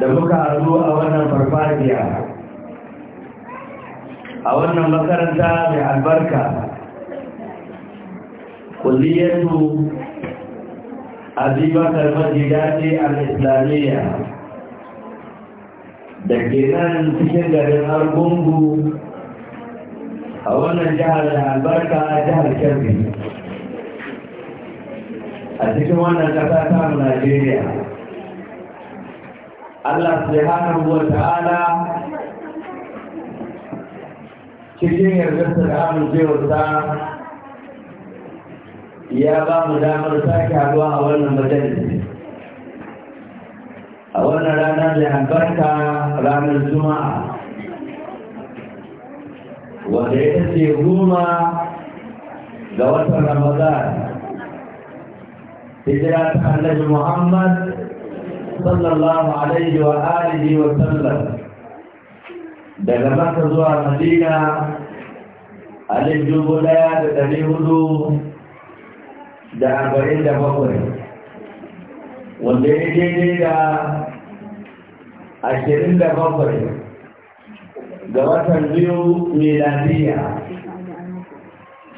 da muka hazo a wannan farfajiya a wannan makaranta mai albarka kulliyatu abubakar majidati al-islamiyya da ke nan cikin garin argungu a wannan jihar da albarka a jihar kebbi a cikin wannan ƙasa ta Najeriya. Allah hana wa ta'ala cikin yardarsa da amincewarsa ya ba mu damar sake haɗuwa a wannan majalis. A wannan rana da albarka ranar Juma'a wanda ya ce goma ga watan Ramadan hijira ta annabi muhammad sallallahu alaihi wa alihi wa sallam daga maka zuwa madina a dubu daya da dari hudu da arba'in da bakwai wanda ya daidai da ashirin da bakwai ga watan biyu miladiya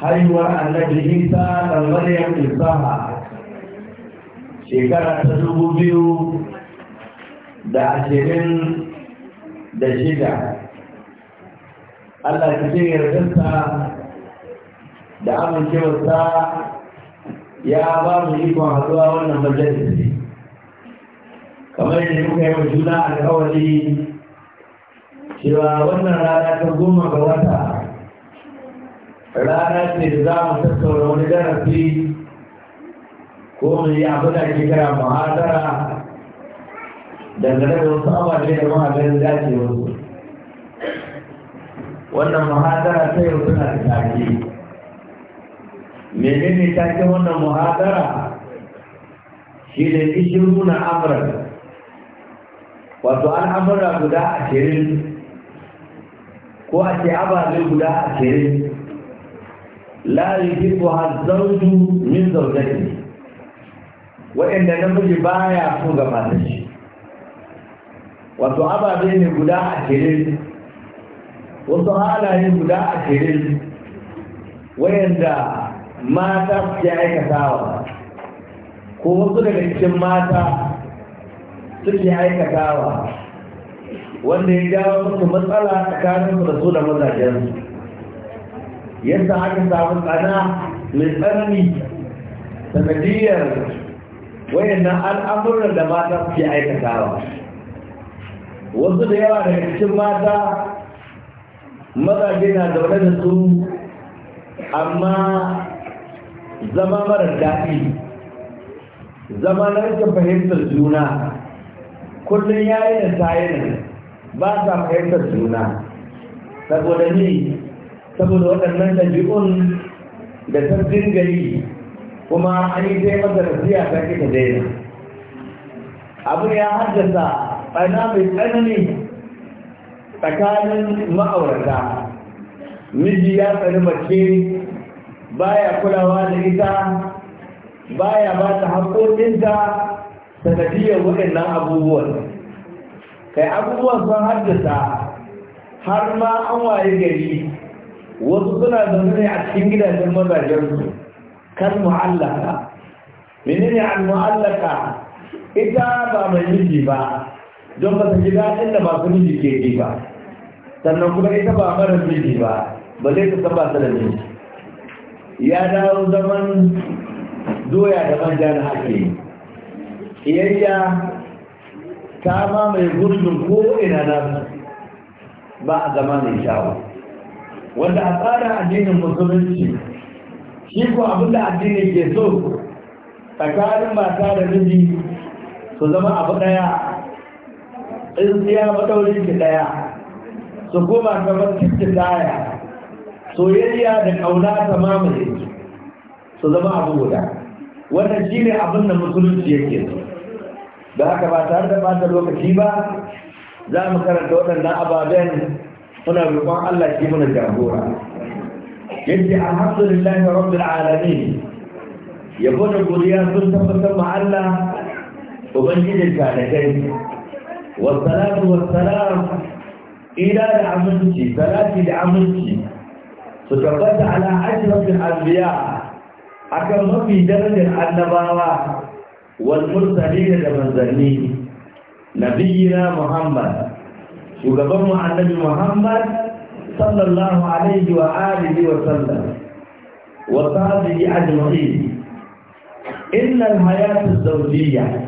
haihuwar annabi isa da maryam isaha shekara ta dubu biyu da ashirin da shida Allah cikin yardarsa da amincewarsa ya ba mu ikon haɗuwa wannan majalisi kamar yadda muka yi wa juna alkawari cewa wannan rana ta goma ga wata rana ce da za mu tattauna wani darasi ko mu yi abin da ke kira muhadara dangane da wasu ababe da ma ganin ke wasu wannan muhadara ta yau suna da take menene take wannan muhadara shi ne ishiru na Amurka. wato al'amura guda ashirin ko a ce ababe guda ashirin la yuhibbu hazzawju min zawjatihi waɗanda namiji baya so ga matar shi wato ababe ne guda a ashirin wasu halaye guda a ashirin wayanda mata aikata aikatawa ko wasu daga cikin mata suke aikatawa wanda ya jawo musu matsala su da su da mazajensu yadda aka samu tsana mai tsanani sanadiyar wayannan al'amuran da mata suke aikatawa wasu da yawa da cikin mata mazaje na zaune da su amma zama mara daɗi zama na rikin fahimtar juna kullum ya yi da tayin ba sa fahimtar juna saboda ne saboda waɗannan ɗabi'un da ta dinga yi kuma an yi sai mata tafiya ta ke daina abin ya haddasa ɓana mai tsanani tsakanin ma'aurata miji ya tsani mace baya kulawa da ita baya ba ta haƙoƙinta sanadiyar waɗannan abubuwan kai abubuwan sun haddasa har ma an waye gari wasu suna ne a cikin gidajen mazajen su. kan mu'allaka menene an mu'allaka ita ba mai miji ba don ba ta ji din da masu miji ke ji ba sannan kuma ita ba mara miji ba ba zai ta ba ta da miji ya dawo zaman doya da manja na ake iyayya ta mamaye gurbin ko ina na ba a zama mai shawo wanda a tsara addinin musulunci shi ko abin da addini ke so tsakanin mata da miji su zama abu ɗaya tsintsiya maɗaurin ki ɗaya su koma kamar cikin taya soyayya da ƙauna ta mamaye su zama abu guda wannan shi ne abin da musulunci yake so da haka ba tare da bata lokaci ba za mu karanta waɗannan ababen muna roƙon Allah shi muna jagora yadda alhamdulillah ga rabbil alamin yabo da godiya sun tabbatar ma Allah ubangijin talakai wasalatu wasalam ila da aminci salati da aminci su tabbata ala ashrafil anbiya akan mafi darajar annabawa wal mursalin da manzanni nabiyina muhammad shugaban mu annabi muhammad صلى الله عليه وآله وسلم وصحبه أجمعين إن الحياة الزوجية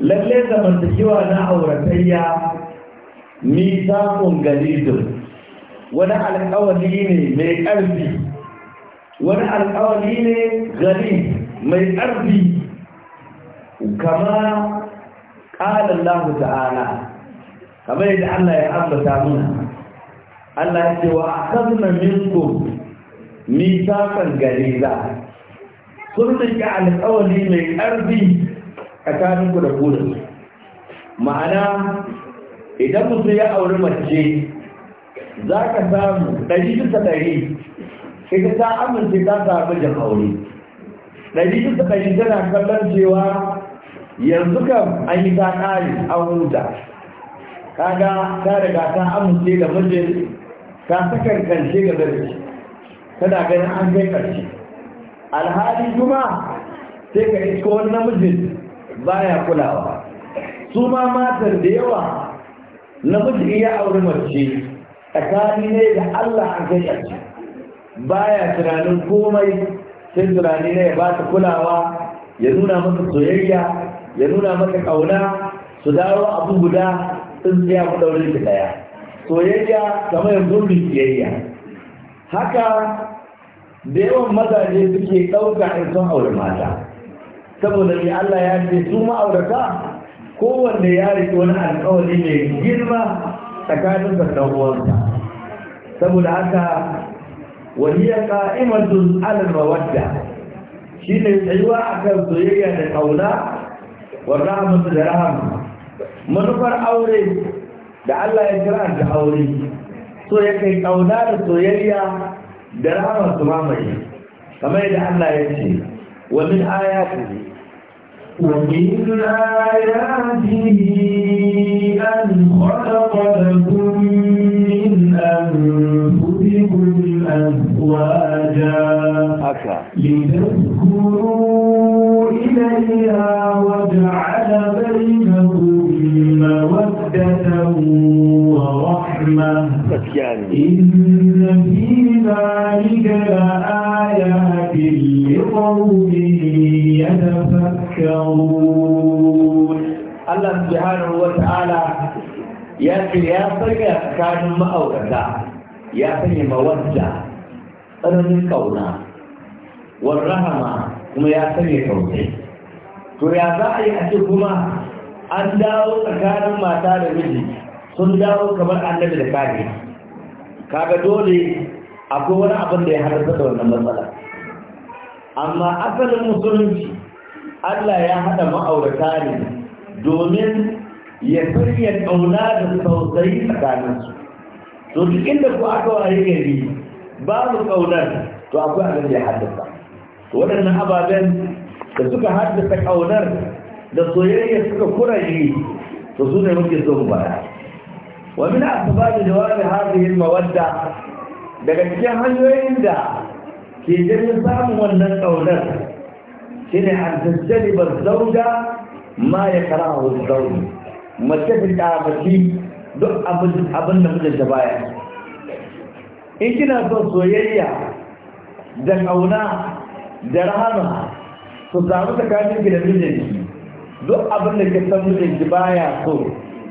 لليت من تكيوها نعورة هي ميثاق جديد ولا على الأولين من قلبي ولا على الأولين غريب من قلبي وكما قال الله تعالى كما يدعى الله يا أبو تعالى Allah ya ce wa akanna minkum mithaqan galiza sun rike alƙawari mai ƙarfi ku da ku da ma'ana idan mutum ya auri mace za ka samu ɗari bisa ɗari ita ta amince ta samu jin aure ɗari bisa ɗari tana kallon cewa yanzu kam an yi ta ƙari an huta kaga ta riga ta amince da mijin Ka sakan karshe ga zarfi tana ganin an kai karshe alhali kuma sai ka isko wani namijin baya kulawa su ma matan da yawa namiji iya aure mace tsakani ne da Allah an kai ƙarshe baya tunanin komai sai tunani ne ya ba ta kulawa ya nuna maka soyayya ya nuna maka ƙauna su dawo abu guda tsaya ku ɗaurin ki ɗaya soyayya kamar yanzu siyayya. haka da yawan mazaje suke ɗauka in sun aure mata saboda mai Allah ya ce su ma'aurata kowanne ya riƙe wani alƙawari mai girma tsakanin da ɗan uwansa saboda haka waliya ka'imatun alal mawadda shine tsayuwa akan soyayya da ƙauna wa rahmatu da rahama manufar aure da Allah ya jira da aure so ya kai kauna da soyayya da rahama su mamaye kamar yadda Allah ya ce wa min ayatihi an, آياته أن خلق إليها وجعل بينكم مودة ورحمة إن في ذلك لآيات لقوم يتفكرون الله سبحانه وتعالى يا يا صغير كان ما أوردا يا والرحمة ويا سيدي توحيد ويا سيدي an dawo tsakanin mata da miji sun dawo kamar annabi da kare kaga dole akwai wani abin da ya haɗa da wannan matsala amma asalin musulunci Allah ya haɗa ma'aurata ne domin ya sanya ƙauna da tausayi tsakaninsu to duk inda ku aka waye gari babu ƙaunar to akwai abin da ya haddasa to waɗannan ababen da suka haddasa ƙaunar da soyayya suka kuraje to su ne muke so mu bada wa min asbab jawab hadhihi al-mawadda daga cikin hanyoyin da ke jirgin samun wannan ƙaunar shi ne an tattali ba zauda ma ya kara a mace ta ƙafashi duk abin da mutum ta baya in kina so soyayya da ƙauna da rahama su samu tsakanin ki da mijinki duk abin da ke san mutum ki baya so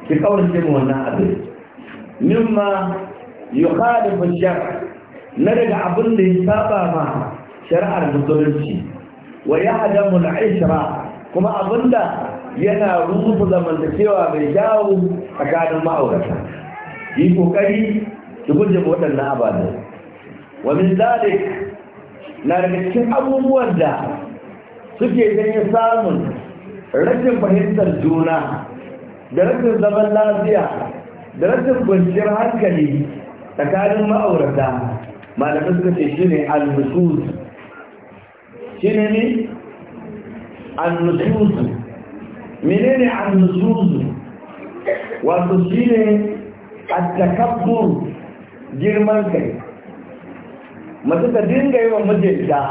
ki kaurace mu wannan abin mimma yukhalifu shar na daga abin da ya saba ma shari'ar musulunci wa na al-ishra kuma abinda yana rufe zamantakewa mai a tsakanin ma'aurata yi kokari ki guje waɗannan ababen wa min zalik na daga cikin abubuwan da suke ganin samun rashin fahimtar juna da rashin zaman lafiya da rashin kwanciyar hankali tsakanin ma'aurata malamai suka ce shi ne al-nusus shi ne ne al-nusus mene ne al-nusus wato shi ne attakabbur girman kai masu ta dinga yi wa mijinta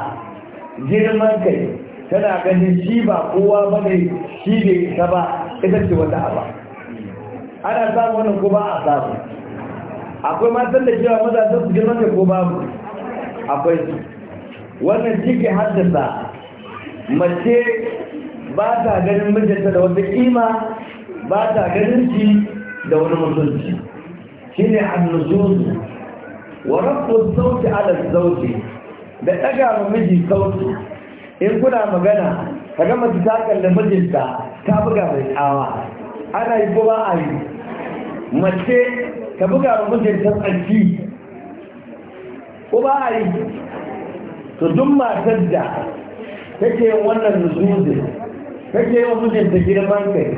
girman kai tana ganin shi ba kowa ba ne shi ne isa ba isa ce wata ba ana samu wannan ko ba a samu akwai matan da cewa mazajen su girma ne ko babu akwai su wannan cike haddasa mace ba ta ganin mijinta da wata kima ba ta ganin shi da wani mutunci shi ne annuzuzu wa rafu sauti ala sauti da ɗaga miji sauti in kuna magana kaga mace ta kalli mijinta ta buga mai tsawa ana yi ko ba a yi mace ta buga mai mijinta tsaki ko ba a yi to duk matar da take yin wannan nuzuzin take yi wa mijinta girman kai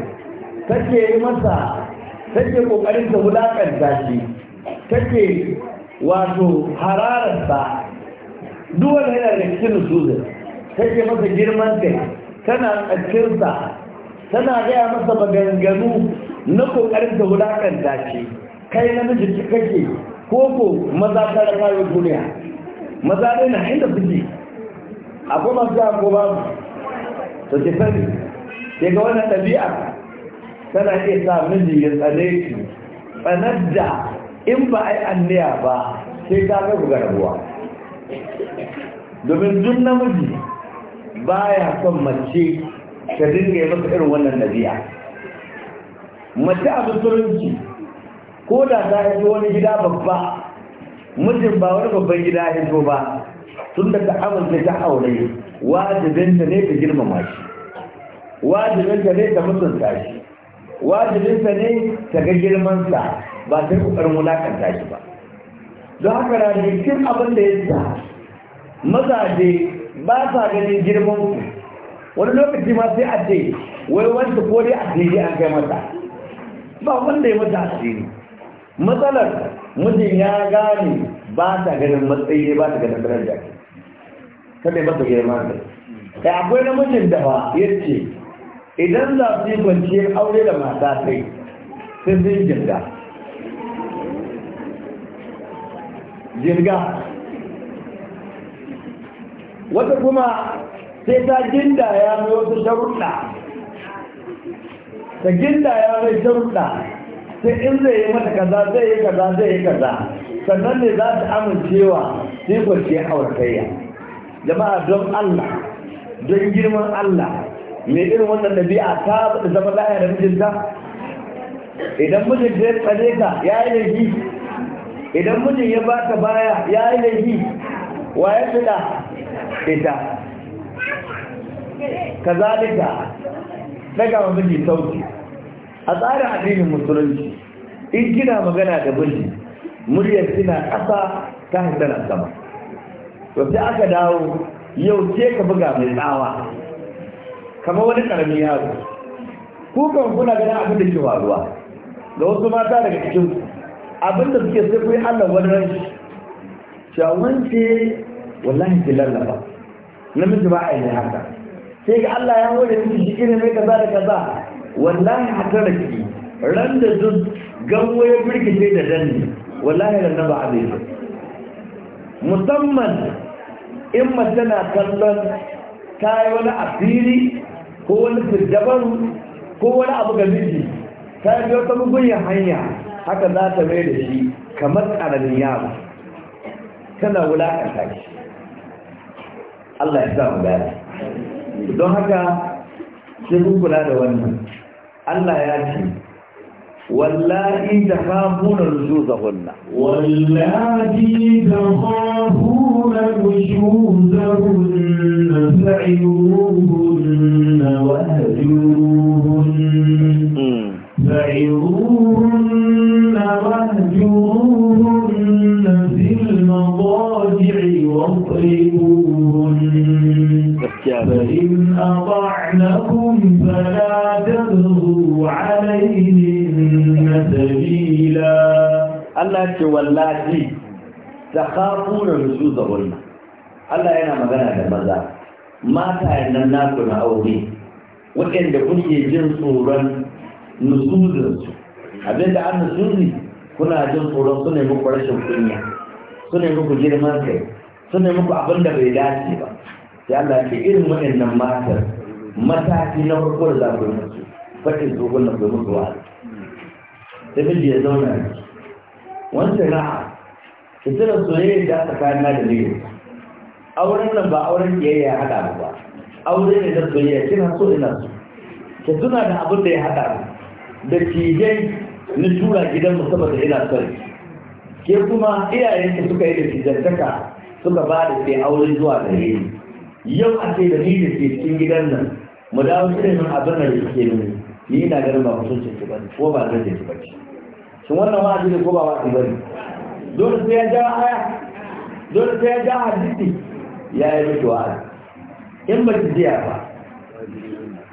take yi masa take kokarin ta zafi, ta take wato harararsa duk wani yana da cikin nuzuzin take masa girman kai tana tsakirsa tana gaya masa maganganu na kokarin da wulakanta ce kai na miji kake ko ko maza ta da yau duniya maza dai na inda suke akwai masu a ko babu to ki sani ke ga wannan ɗabi'a tana iya sa miji ya tsane ki tsanar da in ba a yi anniya ba sai ta ga rabuwa domin duk namiji baya son mace ta dinga yi masa irin wannan nabiya mace a musulunci ko da ta haifi wani gida babba mutum ba wani babban gida ya zo ba tun da ta amince ta aure wajibinta ne ta girmama shi wajibinta ne ta mutunta shi wajibinta ne ta ga girmansa ba ta kokarin wulakanta shi ba don haka na cikin abin da ya sa mazaje ba sa ganin girman ku wani lokaci ma sai a ce wai wanda ko dai asiri an kai mata ba wanda ya mata asiri matsalar mutum ya gane ba ta ganin matsayi ne ba ta ganin jaki kada ya masa girma ne. kai akwai namijin da ba ya ce idan za su yi kwanciyar aure da mata sai sai sun jirga jirga wata kuma sai ta ginda ya mai wasu sharuɗa ta ginda ya mai sharuɗa sai in zai yi mata kaza zai yi kaza zai yi kaza sannan ne za ta amincewa sai kwanciyar auratayya jama'a don Allah don girman Allah mai irin wannan ɗabi'a ta zama laya da mijinta idan mijin ya tsare ka ya yi laifi idan mijin ya baka baya ya yi laifi wa ya fida ita kazalika daga wani miji sauki a tsarin addinin musulunci in kina magana da bulli muryar kina ƙasa ta hankala sama to aka dawo yau ce ka buga mai tsawa kamar wani ƙaramin yaro kukan kuna gana abin da ke faruwa ga wasu mata daga cikin abin da suke sai kuyi allah wani ranshi shawance wallahi ke lallaba namiji ba a yi haka sai ga Allah ya hore miki shi irin mai kaza da kaza wallahi hatar da ki ran da duk ganwo ya birkice da danni wallahi ran ba a zai musamman in mace na kallon ta yi wani asiri ko wani firjabaru ko wani abu ga miji ta yi wata mugunyar hanya haka za ta mai da shi kamar ƙaramin yaro tana wulaƙanta shi Allah ya sa mu gane don haka sai kun kula da wannan Allah ya ce wallahi da khafuna nuzuzahunna wallahi da khafuna nuzuzahunna fa'iluhunna wa Allah ce wallahi da rusu da wannan Allah yana magana da maza mata nan naku na aure waɗanda kuke jin tsoron nusuzinsu abinda an nusuzi kuna jin tsoron su ne muku rashin kunya su ne muku girman kai su ne muku abin da bai dace ba sai Allah ke irin waɗannan matar mataki na farko da za ku yi musu fatin tsohon na ku yi musu wa sai miji ya zauna wancan ra'a fitilar soyayya da aka kayan na da a auren nan ba auren kiyayya ya haɗa ba aure ne da soyayya kina so ina su ki tuna da abin da ya hada da cijen na tura gidan musamman saboda ina son ke kuma iyayenki suka yi da tijantaka suka ba da sai aure zuwa da yi yau a ce da ni da ke cikin gidan nan mu dawo shi ne mun abin da ya ke nuni ni ina ganin ba mutunci ki ba ko ba zai ki ba ce. shin wannan wa'azi ne ko ba wa'azi ba ne dole sai ya ja aya dole sai ya ja hadisi ya yi miki wa'azi in ba ki jiya ba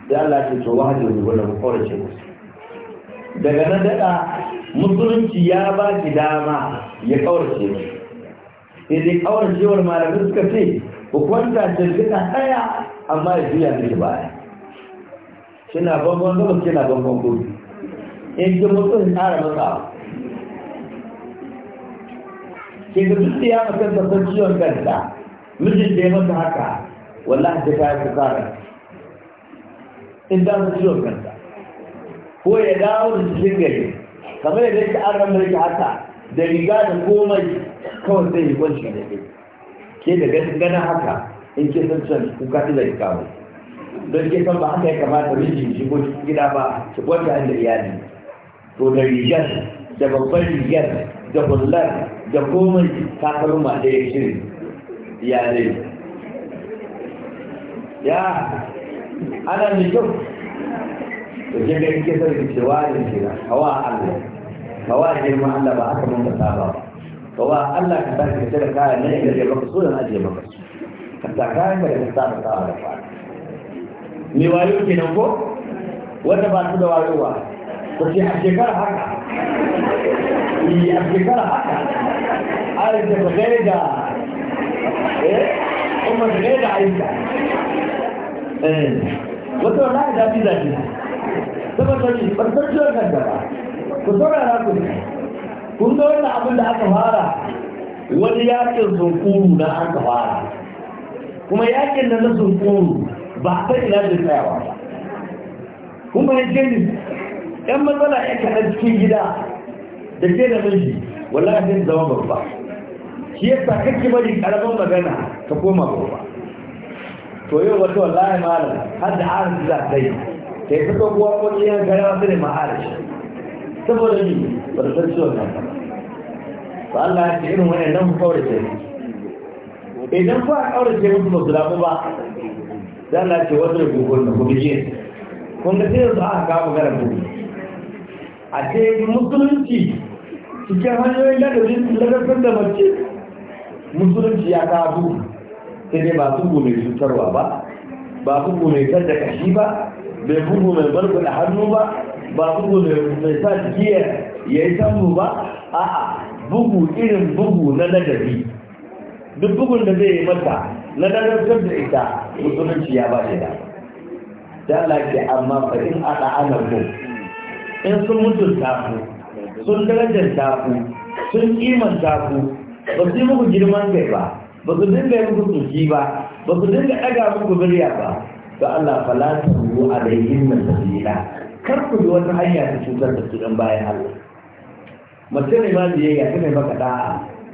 sai Allah ce to wa'azi ne wanda kawai ce musu daga nan daɗa musulunci ya ba ki dama ya kaurace mu sai dai kauracewar malamai suka ce ku kwanta jirgina ɗaya amma ya juya miki baya kina bangon gabas kina bambam gudu in ji mutum tsara masa ke ga duk ya mutum da san ciwon kanta mijin da ya masa haka wallahi da ta yi tsara in za su ciwon kanta ko ya dawo da cikin gari kamar yadda yake an ramar da haka da riga da komai kawai zai yi kwanci da ke ke da ganin haka in san kuka kawo don san ba haka ya kamata mijin shi ko gida ba da iyali to da rigar da babban rigar da hullar da komai takalma da ya shirin. ya ya ana da kyau da ke gani ke sarki cewa da shira hawa allah kawa girma allah ba aka mun kasa ba hawa allah ka sarki da kaya na da ya maka so da na je maka su ka sa kayan da ka sa da fara me wayo kenan ko wanda ba su da wayo ba wace a shekara haka yi eh, a shekara haka aisha ba zai da eh kuma da zai da aisha eh wata wani haka zafi zafi saboda ne ban san ciwon kanta ba ku saurara ku kun ga wannan abin da aka fara wani yakin zunkuru na aka fara kuma yakin da na zunkuru ba a san ina da tsayawa ba kuma yanke ne yan matsala ya kaɗan cikin gida da ke da miji wallahi zama babba shi yasa kake bari karamin magana ka koma babba to yau wata wallahi malam har da arziki za ta yi ta yi fito kuwa ko cikin gara su ne ma'arashi saboda ni ba da san ciwon nan ba Allah ya ce irin wani nan ku kawai da yi idan ku a kawai da yi musu ba su damu ba dan Allah ce wata da gugun da kuma jiya kun ga sai yanzu aka kawo magana kuma a ce musulunci cikin hanyoyin ladabin ladabin da mace musulunci ya kawo sai dai ba su mai cutarwa ba ba su mai tar da kashi ba bai bugu mai barku da hannu ba ba gome mai sa jiki ya yi samu ba a'a bugu irin bugu na ladabi duk bugun da zai yi mata na ladabtar da ita musulunci ya ba shi da. ta ke amma fa'in in ɗa'anar mu in sun mutunta ku sun darajanta ku sun kiman ku ba su yi muku girman kai ba ba su dinga yi muku tsoki ba ba su dinga ɗaga muku birya ba ga Allah falata ruwa a da yin nan sabila kar ku bi wata hanya ta cutar da su bayan Allah mace ne ma biyayya ta mai maka da'a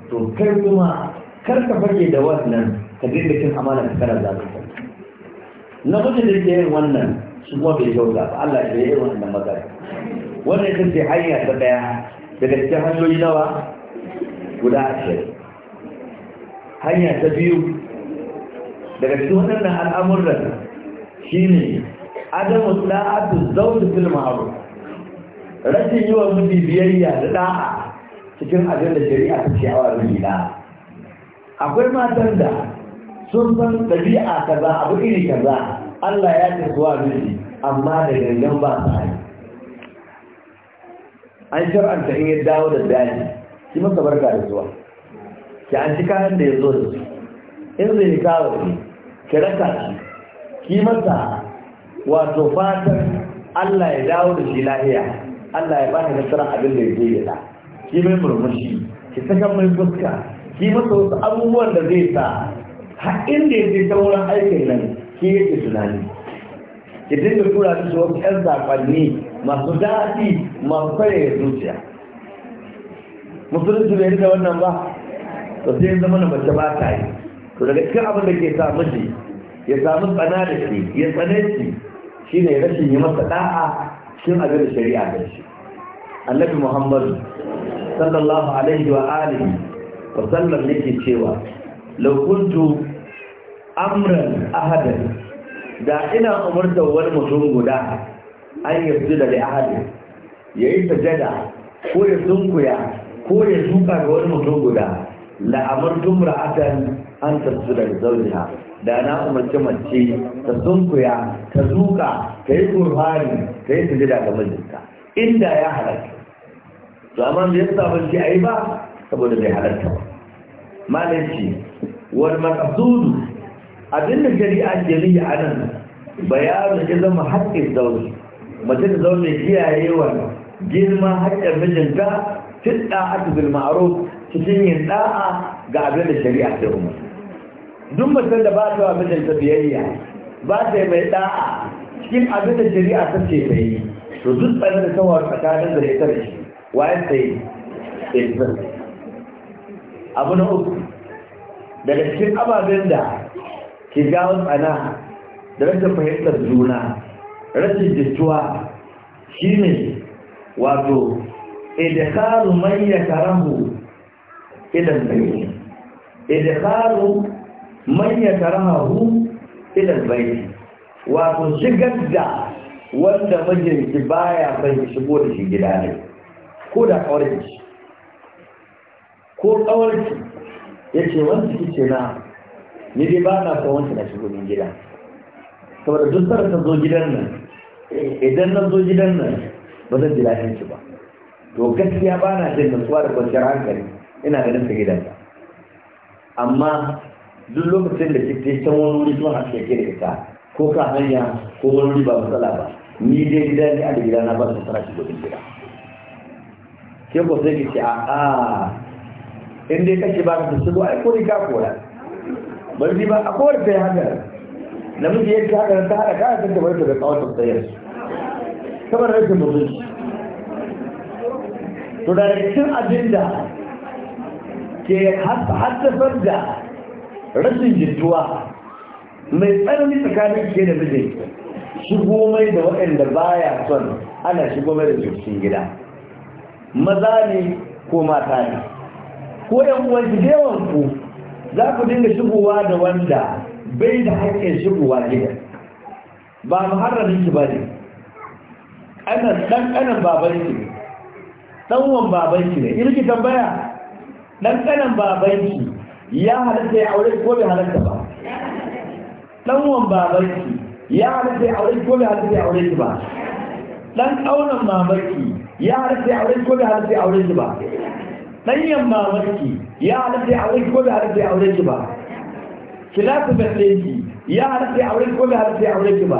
to kai kuma kar ka fage da wannan ka dinga cin amana ka kana na namijin da ke yin wannan su kuma bai kyauta ba Allah ya yi wannan magana wannan ita ce hanya ta daya daga cikin hanyoyi nawa guda ashirin hanya ta biyu daga cikin waɗannan al'amuran shi ne adamu ɗa'atu zaune fil ma'aru rashin yi wa mutu biyayya da ɗa'a cikin abin da shari'a ta ce awa rufi akwai matan da sun san ɗabi'a kaza abu iri kaza Allah ya ce zuwa miji amma da gangan ba sa yi an shar'anta in ya dawo da dadi ki masa barka da zuwa ki an ci kayan da ya zo da su in zai yi kawo ne ki raka shi ki masa wato fatan Allah ya dawo da shi lahiya Allah ya bani nasara abin da ya je ya ki mai murmushi ki saka mai fuska ki masa wasu abubuwan da zai sa har inda ya je ta wurin aikin nan ki yake tunani ki dinga tura shi wasu 'yan zafanni masu daɗi masu kwaye zuciya musulunci bai rika wannan ba to sai zama na mace ba ta yi to daga cikin abin da ke samu shi, ya samu tsana da shi ya tsane shi shi ne rashin yi masa ɗa'a, cikin abin da shari'a da shi annabi muhammadu sallallahu alaihi wa alihi wa sallam yake cewa law amran ahadan da ina umurta wani mutum guda an yi da ahadin ya yi sajada ko ya sunkuya ko ya suka ga wani mutum guda la'amartum ra'atan an su da zaujiha da na umarci mace ta sunkuya ta zuka ta yi kurfani ta yi sujada ga mijinta inda ya halarta. to amma me yasa ba shi yi ba saboda bai halarta ba malaci wal maqsudu abinda shari'a ke yi anan bayanin zama haƙƙin zawji mace ta zama mai wa girma haƙƙin mijinta tun a cikin bil ma'ruf cikin yin ɗa'a ga abin da shari'a ta umar duk mutum da ba ta wa mijinta biyayya ba ta yi mai ɗa'a cikin abin da shari'a ta ce ta yi to duk tsanin da kawai tsakanin da ya tare shi wayan ta yi eh, abu na uku daga cikin ababen da ke jawo tsana da rashin fahimtar juna rashin jituwa ne wato idkhalu man yakrahu ila al-bayt idkhalu man yakrahu ila idan bayt wato shigar da wanda mijinki baya bai shigo da shi gida ne ko da kawarki ko ya yace wanda ce na ni dai ba na son na shigo gida saboda duk sarar ta zo gidan nan idan na zo gidan nan ba zan ji daɗin shi ba to gaskiya ba na jin nutsuwa da kwanciyar hankali ina ganin ta gidan ka amma duk lokacin da kike can wani wuri zuwa haske ke da ita ko ka hanya ko wani wuri ba matsala ba ni dai gida ne a da gida na ba su tsara shi gobin gida ke ko sai ki a a in dai kake ba ka shigo ai ko ni ka kora bari ba a kowar sai haka namiji ya ci haka ta haɗa kayan da bai da tsawon tsayar saboda rashin mutum to da cikin abin ke haddasar da rashin jituwa mai tsanani tsakanin ke da mijin shigo mai da waɗanda baya son ana shigo mai da cikin gida maza ne ko mata ne ko yan yawan ku za ku dinga shigowa da wanda bai da haƙƙin shigowa gida ba muharramin ki ba ne ƙanan ɗan ƙanan babanki ne ɗanwan babanki ne irki tambaya ɗan ƙanan babanki ya halatta ya aure ko bai halatta ba ɗanwan babanki ya halatta ya aure ko bai halatta ya aure ki ba ɗan ƙaunan mamaki ya halatta ya aure ko bai halatta ya aure ki ba ɗanyen mamaki ya halatta ya aure ko bai halatta ya aure ki ba kilasu ɗinki ya halatta aure ko bai halatta aure ki ba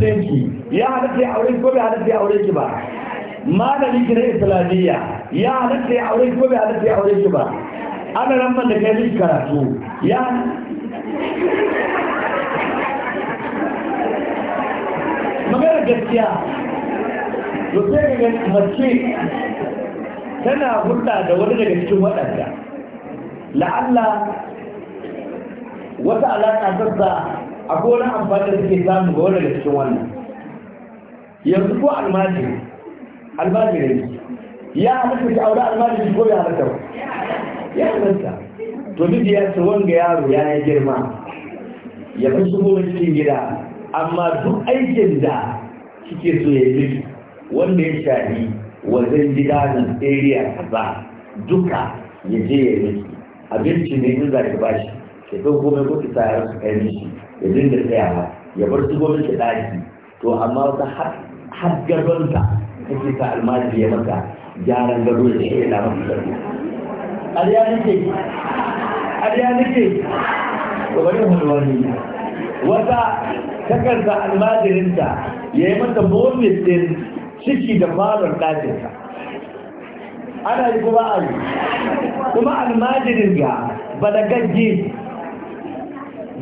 ɗinki ya halatta ya aure ko bai tana hulɗa da daga wata alaƙa sassa a wani amfani da suke samu ga wani da cikin wannan yanzu ko almajiri almajiri ya halatta ki aure almajiri ko ya halatta ya halatta to duk ya ce wanga yaro ya yi girma ya fi shigo cikin gida amma duk aikin da kike so ya yi wanda ya shafi wajen gida na area kaza duka ya je ya yi abinci ne in za ki bashi ya ɗauko mai kuɗi sa ya su kai mishi ya dinga tsayawa ya bar su gwamnati ɗaki to amma wata har gadonta kake sa almajiri ya maka gyaran gado ya ce yana masa sarki ariya nake ariya nake to bari mu wani wata takarda almajirinta ya yi mata bonus din ciki da falon ɗakinsa ana yi kuma a yi kuma almajirin ga balagaggi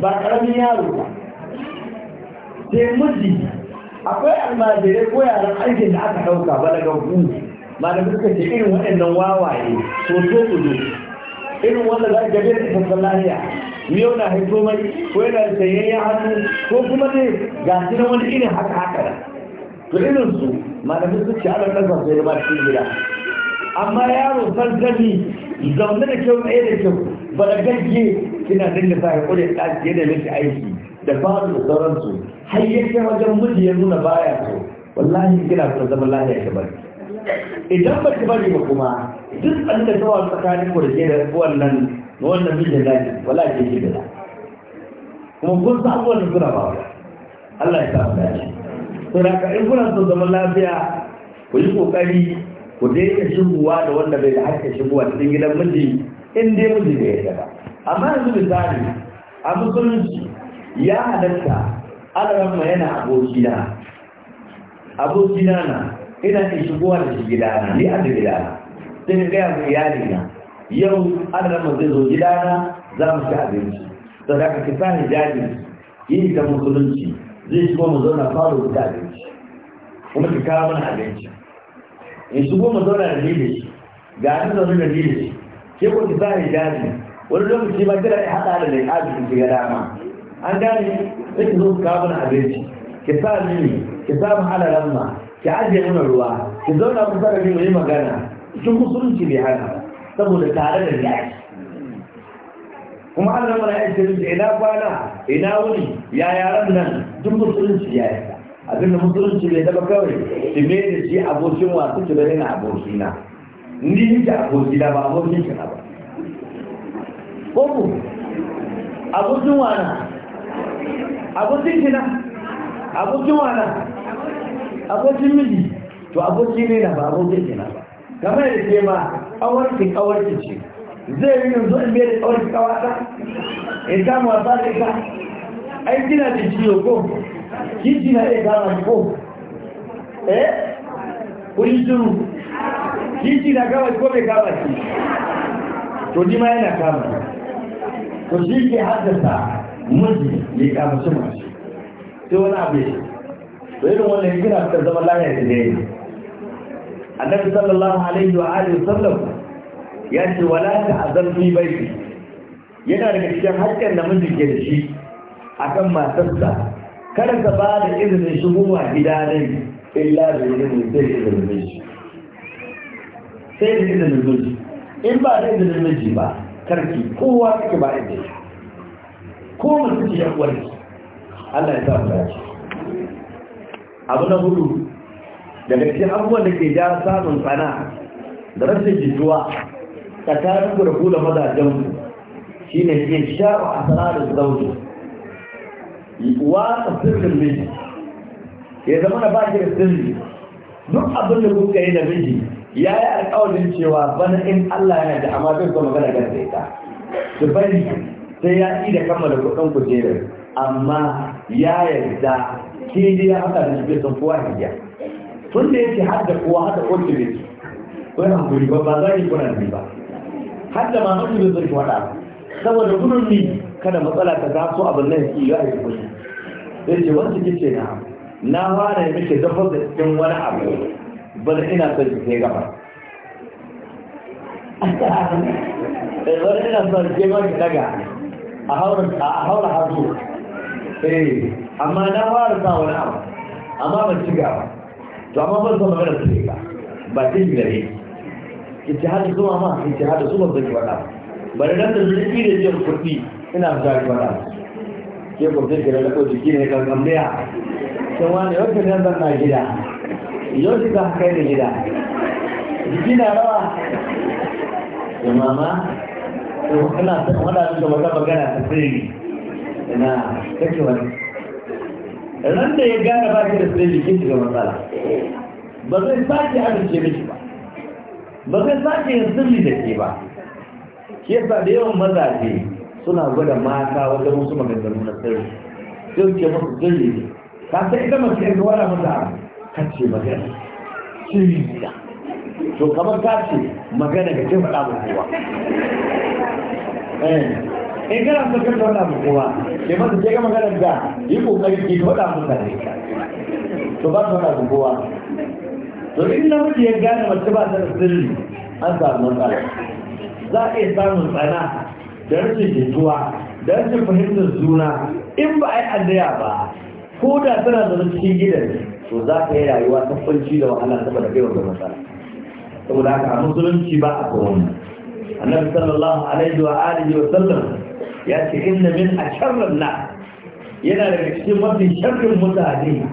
ba karamin yaro ba sai miji akwai almajirai ko yaran aikin da aka ɗauka ba daga ku da suka ce irin waɗannan wawaye so so su zo irin wanda za ka gaje da sassan lahiya yau na haifo mai ko yana da sayayyen hannu ko kuma ne ga su na wani irin haka haka da to irin su da su ce ana ɗaukar sai da ba cikin gida amma yaro sansani zaune da kyau ɗaya da kyau balagagge ina dinga sa ya kure ta ke da miki aiki da ba da sauransu har yake wajen miji ya nuna baya to wallahi kina kuma zama lafiya ki bari idan ba ki bari ba kuma duk an da zuwa tsakanin ku da ke da wannan wannan da zaki wallahi ke ki da kuma kun san abubuwan da suna ba Allah ya sa mu dace to da ka in kuna son zaman lafiya ku yi kokari ku daina shigowa da wanda bai da hakkin shigowa cikin gidan miji in dai miji bai ya ba amma yanzu misali a musulunci ya halatta ma yana abokina abokina na ina in shigowa da shi gidana ni a na sai ka gaya mai iyali na yau ma zai zo gidana za mu ci abinci sau da ka sa hijabi yi ta musulunci zai shigo mu zauna fara da abinci kuma ki kawo mana abinci in shigo mu zauna da ni da shi ga ni zaune da ni da shi ke ku ki sa hijabi wani lokaci ma kira ya hada da mai aji ki ga dama an gane sai zo abinci ki sa mini ki sa mu ki ajiye mana ruwa ki zauna kusa da ni mu yi magana cikin musulunci bai haka saboda tare da yaki kuma Allah mana ya ce da ina kwana ina wuni ya yaran nan duk musulunci ya yi abinda musulunci bai taba kawai ki me da shi abokin wasu ki bari na abokina ndị yi da abokina ba abokin kina ba ko abokin wana abokin kina abokin wana abokin na ba abokin kina ba kamar ma kawarki kawarki zai yi yanzu kawata in samu wasa kiji na iya kama ee eh kishi na kama ko bai kama shi to ni ma yana kama to shi ke haddasa miji ya kama su mace sai wani abu ya to irin wannan hikima ta zama lafiya da ne annabi sallallahu alaihi wa alihi sallam ya ce wala ta'zan fi baiti yana daga cikin haƙƙin da miji ke da shi akan matarsa kada ka ba da izinin shigowa gida ne illa da izinin zai shi sai da izinin namiji in ba da izinin namiji ba karki kowa kake ba inda shi ko mutum ce kwarki Allah ya sa mu dace abu na hudu daga cikin abubuwan da ke ja samun tsana da rashin jituwa tsakanin ku da ku da mazajen ku shine ke sha'a asara da zauji Wa sirrin miji ya zama na ba ki da sirri duk abin da kuka yi da miji ya yi alƙawarin cewa bana in Allah yana da amma zai zo magana gan zai ta su bari sai ya da kammala kuɗin kujerar amma ya yarda ke dai ya haka da shi sun kowa hijiya tun da yake har da kowa haka ko ce bai ko yana hankali ba ba za ni kuna da ba har da mamaki da zai faɗa saboda gudun ni kada matsala ta taso abin nan ki ya yi kuɗi zai ce wanda kike na na fara yi miki zafar da cikin wani abu bal ina son ki kai gaba eh, bal ina son ki kai ki daga a haura hazo eh amma na fara sa wani abu amma ban ci gaba to amma ban so magana su shiga ba ta yi gare ki ci hada su ma ki ci hada su ba zai faɗa bari nan da zurfi da jin kuɗi ina zuwa ki faɗa ke ko zai kira da ko jiki ne kan ya, sai wani wata ne zan na gida yau shi za kai da gida jiki na rawa da mama to kana son wani da wata magana ta sirri na kake wani ran da ya gane ba ki da sirri kin shiga matsala ba zai sake amince miki ba ba zai sake yin sirri da ke ba Ke yasa da yawan mazaje suna gwada mata wajen musu maganganu na sirri sai ke musu sirri ka san ita mace ga wala mata kace magana shiri da to kamar ka ce magana ga ce faɗa mu kowa eh, in kana so ka faɗa mu kowa ke masa ke ga magana da yi kokari ke faɗa mu ka to ba ta faɗa mu kowa to in mutu ya gane mace ba ta sirri an samu matsala za a iya samun tsana da rashin jituwa da rashin fahimtar juna in ba a yi addaya ba ko da tana da cikin gidan to za ka yi rayuwa ta kwanci da wahala saboda kai wanda matsala saboda haka a musulunci ba a kuma annabi sallallahu alaihi wa alihi wa sallam ya ce inna min asharrin na yana daga cikin mafi sharrin mutane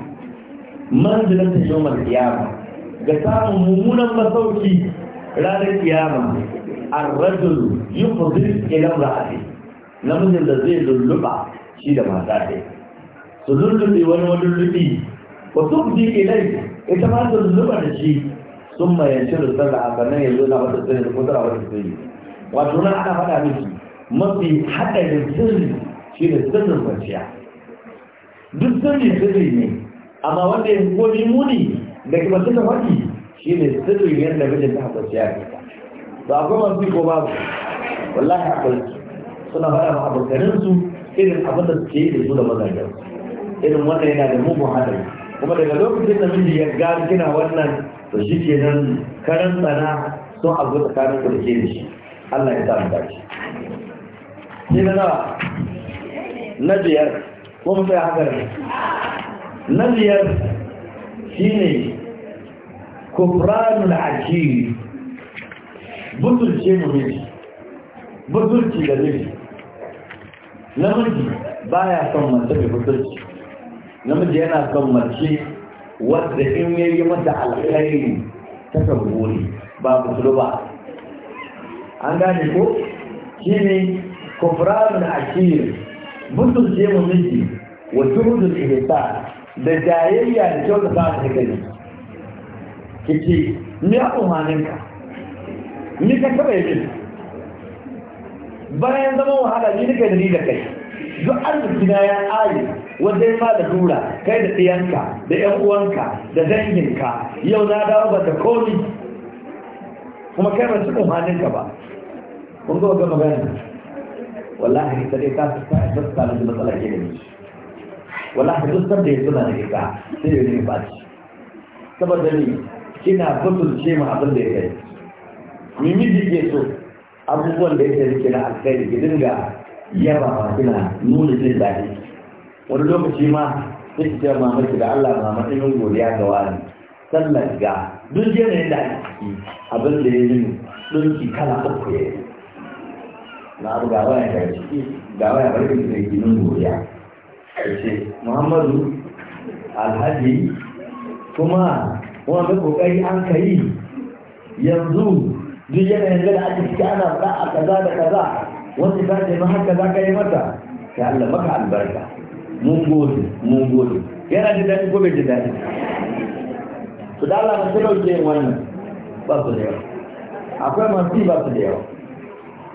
man ta manzilatan yawmal kiyama ga samun mummunan masauki ranar kiyama arrajul yufdil ila ra'ati namijin da zai lulluɓa, shi da mata ɗaya su lullube wani wani lullubi wa tubdi ilai ita ma ta zuba da shi sun mayanci da sarra sannan ya zo na wata sirri da kudura wata sirri wato nan ana faɗa miki mafi da sirri shi ne sirrin kwanciya duk sirri sirri ne amma wanda ya komi muni da kuma suka faɗi shi ne sirrin yadda mijin ta kwanciya ne ba kuma masu ko babu wallahi akwai suna faɗa ma abokaninsu irin abin da suke yi da su da mazajen irin wannan yana da mugun haɗari kuma daga lokacin da miji ya gani kina wannan to shi ke nan karan tsana sun abu tsakanin ku da ke da shi Allah ya sa mu dace shi na nawa na biyar ko mu sai haka ne na biyar shine kufranul ajir butulce mu ne butulci da ne namiji ya son mace mai butulci namiji yana son mace wadda in yayi mata alkhairi ta saburi ba ku kusuru ba an gane ko shi ne kufranun akir mutunce mu miji wa turudul ta. da jayayya da kyau da ba ta gani kike ni a umarninka ni ka taba yi bayan zama wahala ni nika da ni da kai duk arziki na ya ayi wanda ya fada dura kai da ɗiyanka da ‘yan uwanka da danginka yau na dawo ba da komi kuma kai masu ka ba kun zo ga magana wallahi ita dai ta ta da ta da matsala ke da ni wallahi duk san da ya suna da ita sai ya ne ba ci saboda ni kina butulce ma abin da ya kai ni ji ke so abubuwan da yake da na da ke dinga yaba ba kina nuna jin daɗi wani lokaci ma sai ki ce ki da Allah mama yin godiya ga wani sallar ga duk yanayin da ake ciki abin da ya yi ɗinki kala uku ya yi na abu ga wani ga ciki ga waya barkin da ke nun godiya ya ce muhammadu alhaji kuma wani kokari an ka yi yanzu duk yanayin da ake ciki ana faɗa a kaza da kaza wanda ta ce ma haka za ka yi mata ya Allah maka albarka mun gode mun gode yana da dadi gobe da dadi to da Allah masu dauke wannan ba su da yawa akwai masu ba su da yawa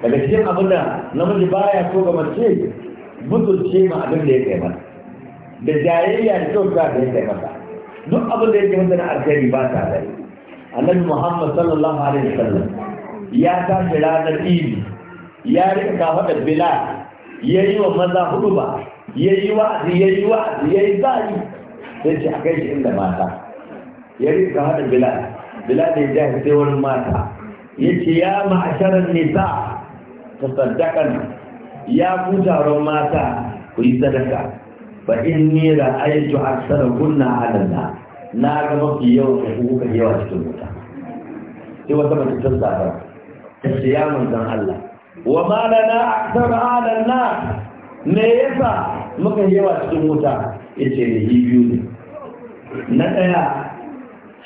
daga cikin abin da namiji baya so ga mace mutunce ma abin da ya kai mata da jayayya da kyau da ya kai mata duk abin da ya kai mata na alkhairi ba ta da annabi Muhammad sallallahu alaihi wasallam ya ta tashi ranar Idi ya rika kafa da Bilal ya yi wa maza hudu ba ya yi wa'azi ya yi wa'azi ya yi zari sai ce a kai shi inda mata ya ka haɗa bilal bilal ya jahi sai wani mata ya ce ya ma'asharar nisa ta saddakan ya ku taron mata ku yi sadaka ba in ni ra'aytu aksara kunna alanna na ga mafi yawan kuka yawa cikin wuta sai wata mace ta zaɓa ta ce ya manzan Allah wa ma lana aksara alanna me yasa muka yawa cikin wuta ya ce da yi biyu ne na ɗaya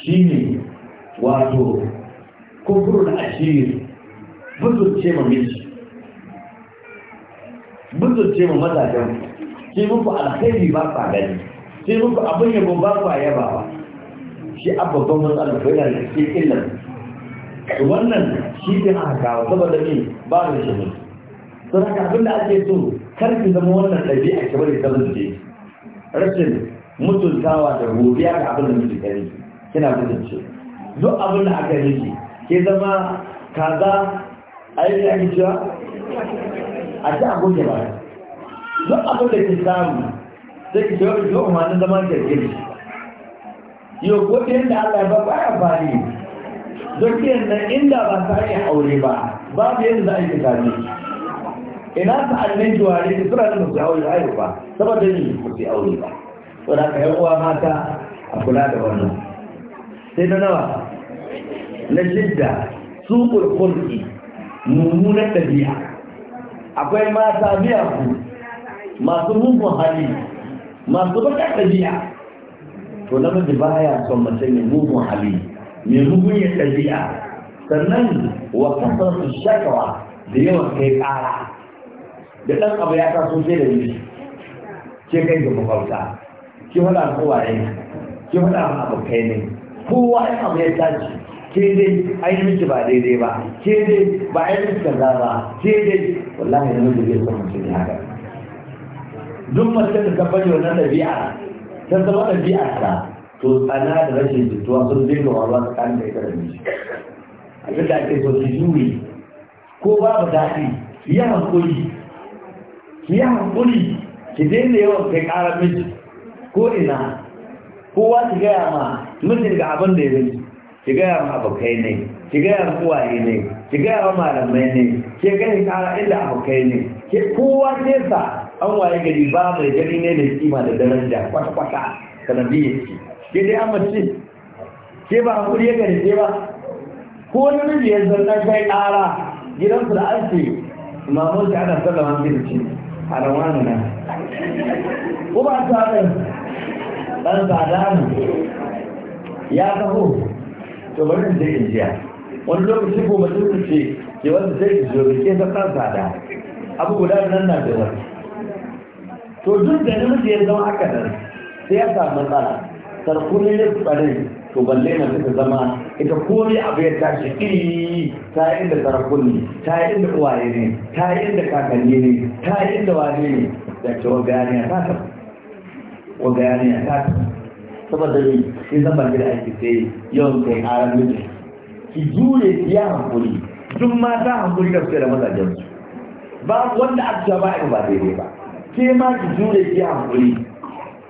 shi ne wato da ashirin. buzurce ma miji buzurce ma mazajen sai muku alkhairi ba kwa gani sai muku abin yabo ba kwa yaba ba shi ababban matsalar bayan da ke illar wannan shi ne aka kawo saboda ne ba da shi ne sun haka abin da ake so kar ki zama wannan ɗabi'a ki bari zama da rashin mutuntawa da godiya ga abin da miji gani kina mutunce duk abin da aka yi ke zama kaza a yi ya cewa a ta goge ba duk abin da ke samu sai ki cewa ki kuma na zama kirkiri yau ko da Allah ba ba ya fari don kiyan nan inda ba ta yi aure ba babu yadda za a yi kaji ina ta annan juwari da suna nuna su aure aure ba saboda ni ku sai aure ba to da yi uwa mata a kula da wannan sai na nawa na shidda sukur kulki mummunan ɗabi'a akwai mata biya ku masu mummun hali masu bakar ɗabi'a to namiji baya son mace mai mugun hali mai mugun ya ɗabi'a sannan wa kasar shakawa da yawan kai ƙara da ɗan abu ya sa sai da yi ce kai ga mafauta ki hula kowa waye ki hula ma kai ne kowa ya abu ya tashi ke dai an yi ba daidai ba ke dai ba a yi miki kaza ba ke dai wallahi na mutu zai samu cikin haka duk mace da kabbaje wannan ɗabi'a ta zama ɗabi'ar ta to tsana da rashin jituwa sun ga wawa tsakanin da ita da miji abin da ake so su jure ko babu daɗi yawan hankali ki ya hankuli ki daina yawan kai ƙara miji ko ina kowa ki gaya ma mijin ga abin da ya rinci ki gaya ma abokai ne ki gaya ma uwaye ne ki gaya ma malamai ne ki gani ƙara inda abokai ne ke kowa ke sa an waye gari ba mai gani ne da kima da daraja kwata-kwata biye ki ke dai an mace ke ba hankuli ya gari ke ba ko wani miji ya zanna kai ƙara gidansu da an ce mamun ta ana sallama da ce haramanu na ko ba ta ɗan ɗan sadanu ya taho to bari da in jiya wani lokaci ko mutum ta ce ke wanda sai ki zo ke ta kan sada abu guda nan na da wani to duk da namiji ya zama haka nan sai ya samu matsala sarkunin ya tsare to balle na suka zama ita komai abu ya tashi iri ta yi inda sarakun ta yi inda uwaye ne ta yi inda kakanni ne ta yi inda wane ne da ke ya tata wa gani ya tata saboda ne shi zama gida ake sai yawan kai karar mutu ki jure ki ya hankuri duk mata hankuri da suke da mazajen su wanda aka ba a ba daidai ba ke ma ki jure ki ya hankuri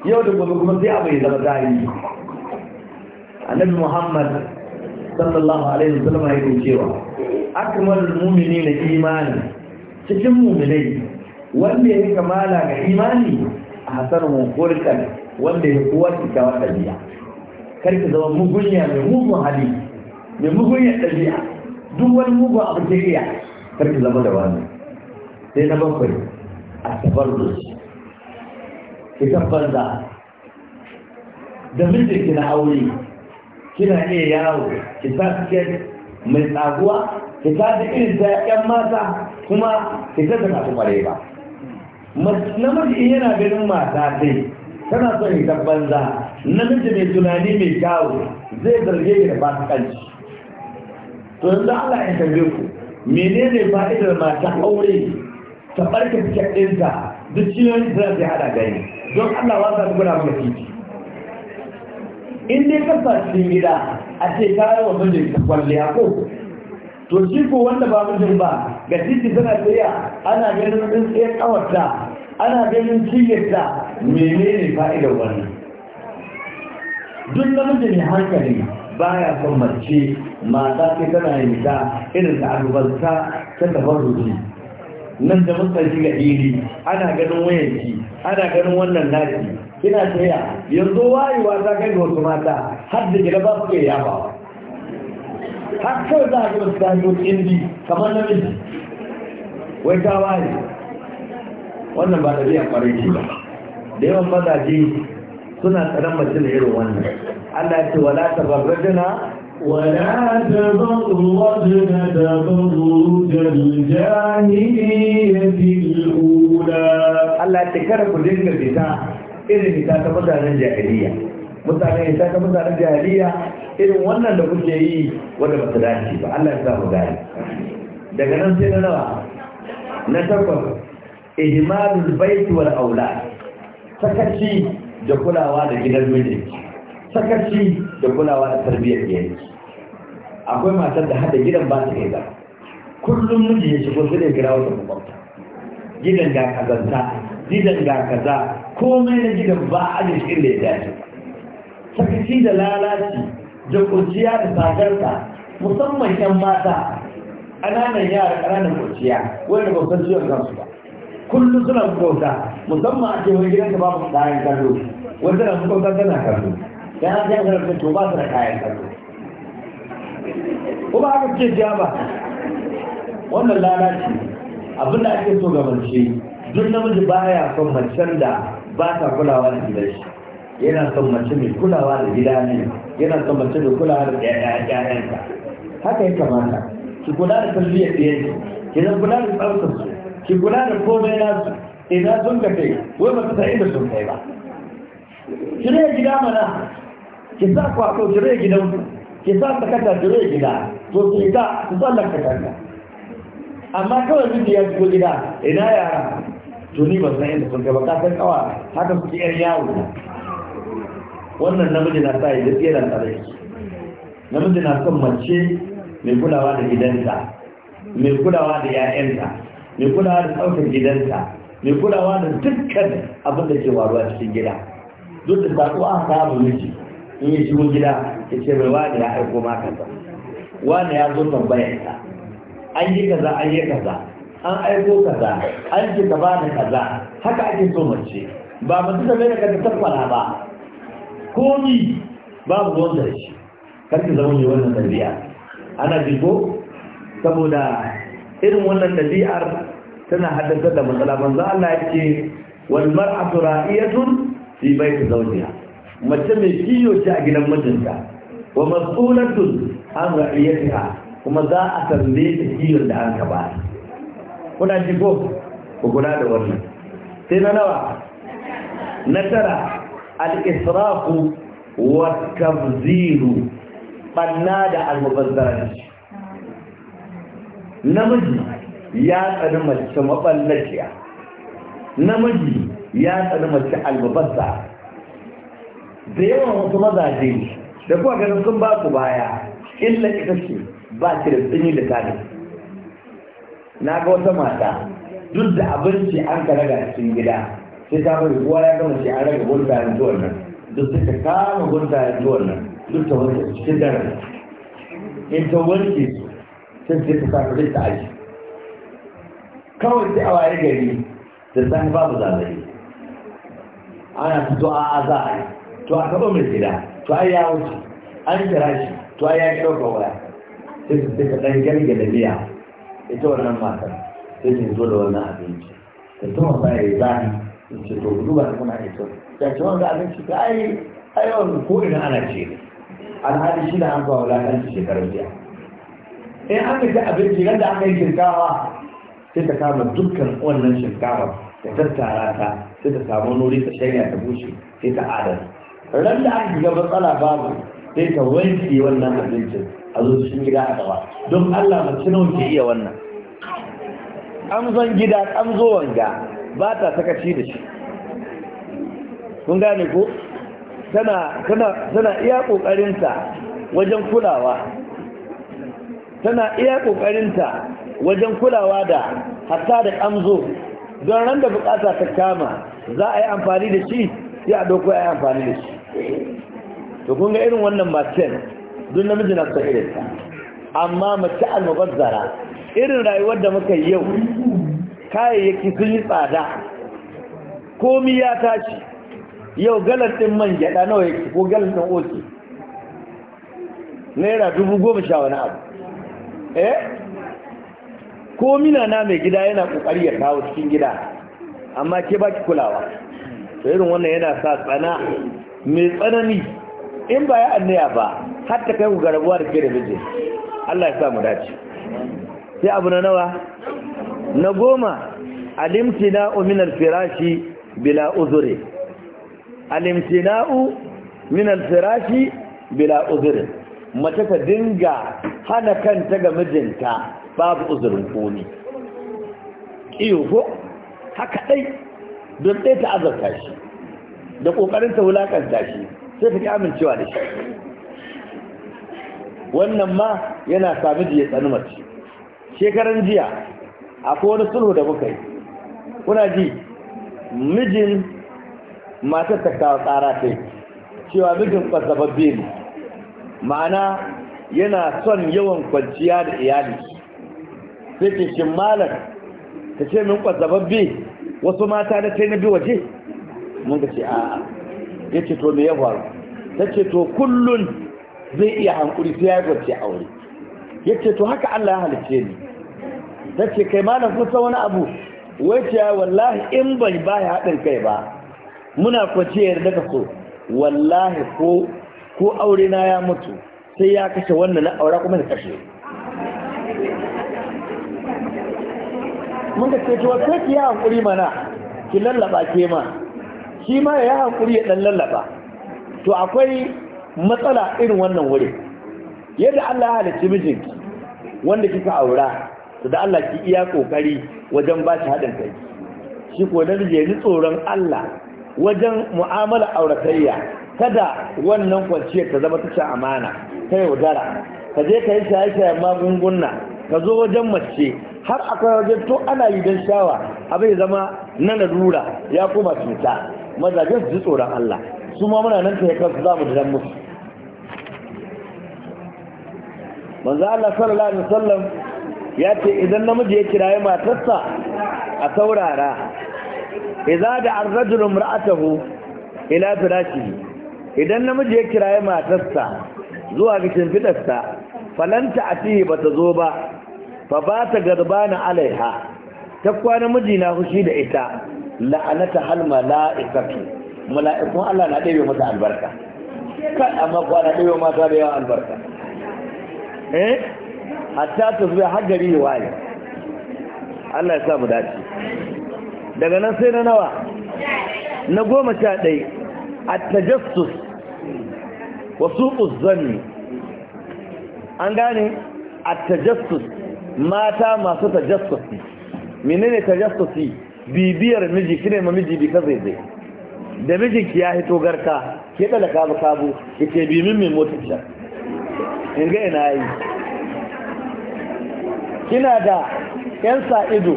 yau da gobe kuma sai abu ya zama tarihi annabi muhammad sallallahu alaihi wasallam ya yi cewa akmalul mu'minina imani cikin mu'minai wanda ya kamala ga imani a mu hulkan wanda ya kuwa kyakkyawar ɗabi'a kar ki zama mugunya mai mugun hali mai mugunya ɗabi'a duk wani mugun abu ke iya kar ki zama da wani sai na bakwai a tabar da shi ki tabbar da da mijinki na aure kina iya yawo ki sa siket mai tsaguwa ki da irin ta yan mata kuma ki sa ta kware ba namiji in yana ganin mata sai tana son ita banza namiji mai tunani mai kyawu zai zarge ki da fasikanci to yanzu Allah ya tambaye ku menene fa'idar mata aure ta barka cikin ɗinta duk ciyoyin da zai hada gani don Allah wasa ta guda maka titi in dai ka sa gida a ce kayan wa mijin kwalliya ko to shi ko wanda ba mijin ba ga titi tana tsaya ana ganin din tsaye kawarta ana ganin cinyarta, menene fa'idar wannan duk namiji ne hankali baya son mace mata ce tana yin ta irin ta alubarta ta tabarruki nan da mun ga iri ana ganin wayanki ana ganin wannan naki kina tsaya yanzu wayewa ta kai da wasu mata har da gida ba su ke yabawa har kawai za a ga wasu tafiyo indi kamar na namiji wai ta waye wannan ba ɗabi'a ƙwarai ce ba da yawan mazaje suna tsaron mutum irin wannan Allah ya ce wala tabarrajana ولا تبرجن Allah ya الأولى الله تكرر dinga fita. irin ta ta mutanen jahiliya mutane ta ta mutanen jahiliya irin wannan da kuke yi wanda ba ta dace ba Allah ya samu gani daga nan sai na nawa na takwas ihmalul bait wal aulad sakaci da kulawa da gidan miji sakaci da kulawa da tarbiyyar iyali akwai matar da hada gidan ba ta kai ba kullum miji ya shigo sai ya kira wata makwabta gidan ga kazanta gidan ga kaza komai na gidan ba a da shi da ya dace sakaci da lalaci da kurciya da sadarta musamman yan mata ƙananan yara ƙananan kurciya wanda ba san ciwon kansu ba kullum suna bukauta musamman a ce wani gidan ka babu kayan kallo wanda na bukauta tana kallo dan an ya da to ba su da kayan kallo ko ba haka ce jiya ba wannan lalaci abin da ake so gabance duk namiji ba ya son macen da ba ta kulawa da gidan shi yana son mace mai kulawa da gida ne yana son mace mai kulawa da ƴaƴanta haka ya kamata ki kula da tarbiyyar ɗiyanki ki zan kula da tsarkar su ki kula da komai nasu idan sun ka kai wai ba ta sa inda sun kai ba ki rage gida mana ki sa kwato ki rage gidan ki sa sakata ki rage gida to ki ga ku tsallaka kanka amma kawai miji ya shigo gida ina yara to ni ba san inda kun gaba ka san kawa haka suke yar yawo wannan namiji na sa da tsira tsare namiji na son mace mai kulawa da gidanta mai kulawa da 'ya'yanta mai kulawa da tsaukar gidanta mai kulawa da dukkan abin da ke waruwa cikin gida duk da sako an samu miji in yi shigo gida ya ce mai da ya aiko maka wa wani ya zo tambayar an yi kaza an yi kaza an aiko kaza an ce ka ba da kaza haka ake so mace ba mace da mai da kaza tabbara ba ni babu wanda da shi karki zama ne wannan tabi'a ana ko saboda irin wannan tabi'ar tana haddasa da matsala manzo Allah ya ce wal mar'atu ra'iyatun fi baiti zawjiha mace mai kiyo ce a gidan mijinta wa mas'ulatun an ra'iyatiha kuma za a tambaye ta kiyon da an ka kuna ji ko ku kula da wannan sai na nawa na tara al-israfu wa tabziru banna da almubazzaranci namiji ya tsani mace maballaciya namiji ya tsani mace albabasa da yawan wasu mazaje da kuwa ganin sun ba ku baya illa ita ce ba ki da tsini da tani na ga wata mata duk da abinci an ka raga cikin gida sai ta bari kowa ya gama shi an raga gunta ya zuwa nan duk sai ta kama gunta ya zuwa nan duk ta wanke cikin dare in ta wanke su sai sai ta sa ta ta aji kawai sai a waye gari da san babu zazzabi ana fito a za a yi to a kaba mai gida to a ya wuce an kira shi to a ya ki ka waya sai su sai ka ɗan gargada biya ita wannan matar sai ta zo da wannan abinci da tuma ba ya zafi in ce to duba ta kuna ita da ce wanda abinci ta ai ai wani ko ina ana ce ne alhali shi da an kawo lakanci shekarar jiya in an fita abinci nan da aka yi shinkawa sai ta kama dukkan wannan shinkawa ta tattara ta sai ta samu nuri ta shanya ta bushe sai ta adana ran da aka gaba matsala babu sai ta wanke wannan abincin a zo cikin gida a gaba don Allah mace nawa ke iya wannan amzon gida amzo wanga ba ta sakaci da shi kun gane ko tana tana tana iya kokarinta wajen kulawa tana iya kokarinta wajen kulawa da hatta da amzo don ran da bukata ta kama za a yi amfani da shi sai a dauko a yi amfani da shi to kun ga irin wannan matan duk namiji na son amma mace almubazzara irin rayuwar da muka yi yau kayayyaki sun yi tsada komi ya tashi yau galar ɗin man gyaɗa nawa yake ko galar ɗin naira dubu goma sha wani abu eh ko mina na mai gida yana ƙoƙari ya kawo cikin gida amma ke baki kulawa irin wannan yana sa tsana mai tsanani in ba ya annaya ba har ta kai ku ga rabuwa da ke da miji Allah ya sa mu dace sai abu na nawa na goma alimtina'u min al bila uzuri alimtina'u min al-firashi bila uzuri mace ta dinga hana kanta ga mijinta babu uzurin komi iyo ko haka dai don ɗaya ta azarta shi da ƙoƙarin ta wulaƙanta shi sai fi amincewa da shi wannan ma yana sami jiye tsanu mace shekaran jiya akwai wani sulhu da muka yi kuna ji mijin matar ta kawo tsara ta cewa mijin kwasababbe ne ma'ana yana son yawan kwanciya da iyali sai ke shi malam ta ce min kwasababbe wasu mata da ta yi na biyu waje mun ka ce a'a ya ce to me ya faru ta ce to kullun zai iya hankuri sai ya gwace aure ya ce to haka Allah ya halice ni ta ce kai na kusa wani abu wai ce wallahi in bai ba ya haɗin kai ba muna kwace ya daga so wallahi ko aure na ya mutu sai ya kashe wannan na aura kuma ya kashe mun da ce to sai ki yi hankuri mana ki lallaba ke ma shi ma ya hankuri ya ɗan lallaba to akwai matsala irin wannan wuri yadda Allah ya halicci mijinki wanda kika aura to da Allah ki iya kokari wajen ba shi haɗin kai shi ko da ya tsoron Allah wajen mu'amala auratayya kada wannan kwanciyar ta zama ta amana ta yaudara ka je ka yi shaye-shayen magunguna ka zo wajen mace har akwai wajen to ana yi don shawa abin zama na larura ya kuma cuta mazajen su ji tsoron Allah su ma muna nan kai kansu za mu da musu manzo Allah sallallahu alaihi wasallam ya ce idan namiji ya kiraye matarsa a saurara idza da ar imra'atahu ila firashi idan namiji ya kiraye matarsa zuwa ga shimfidarsa falanta atihi bata zo ba fa ba ta garbana alaiha ta kwana miji na fushi da ita la'anata hal mala'ikatu mala'ikun Allah na ɗebe mata albarka kan amma kuwa na ɗebe mata da yawa albarka eh hatta ta zuwa har gari ya waye Allah ya sa mu dace daga nan sai na nawa na goma sha ɗai a tajassus wasu uzzanni an gane a tajassus mata masu ne menene tajassusi bibiyar miji kine ma miji bi ka zai zai da ki ya hito garka ke dala kabu kabu ke bi min mai motar can in ga ina yi kina da yan sa ido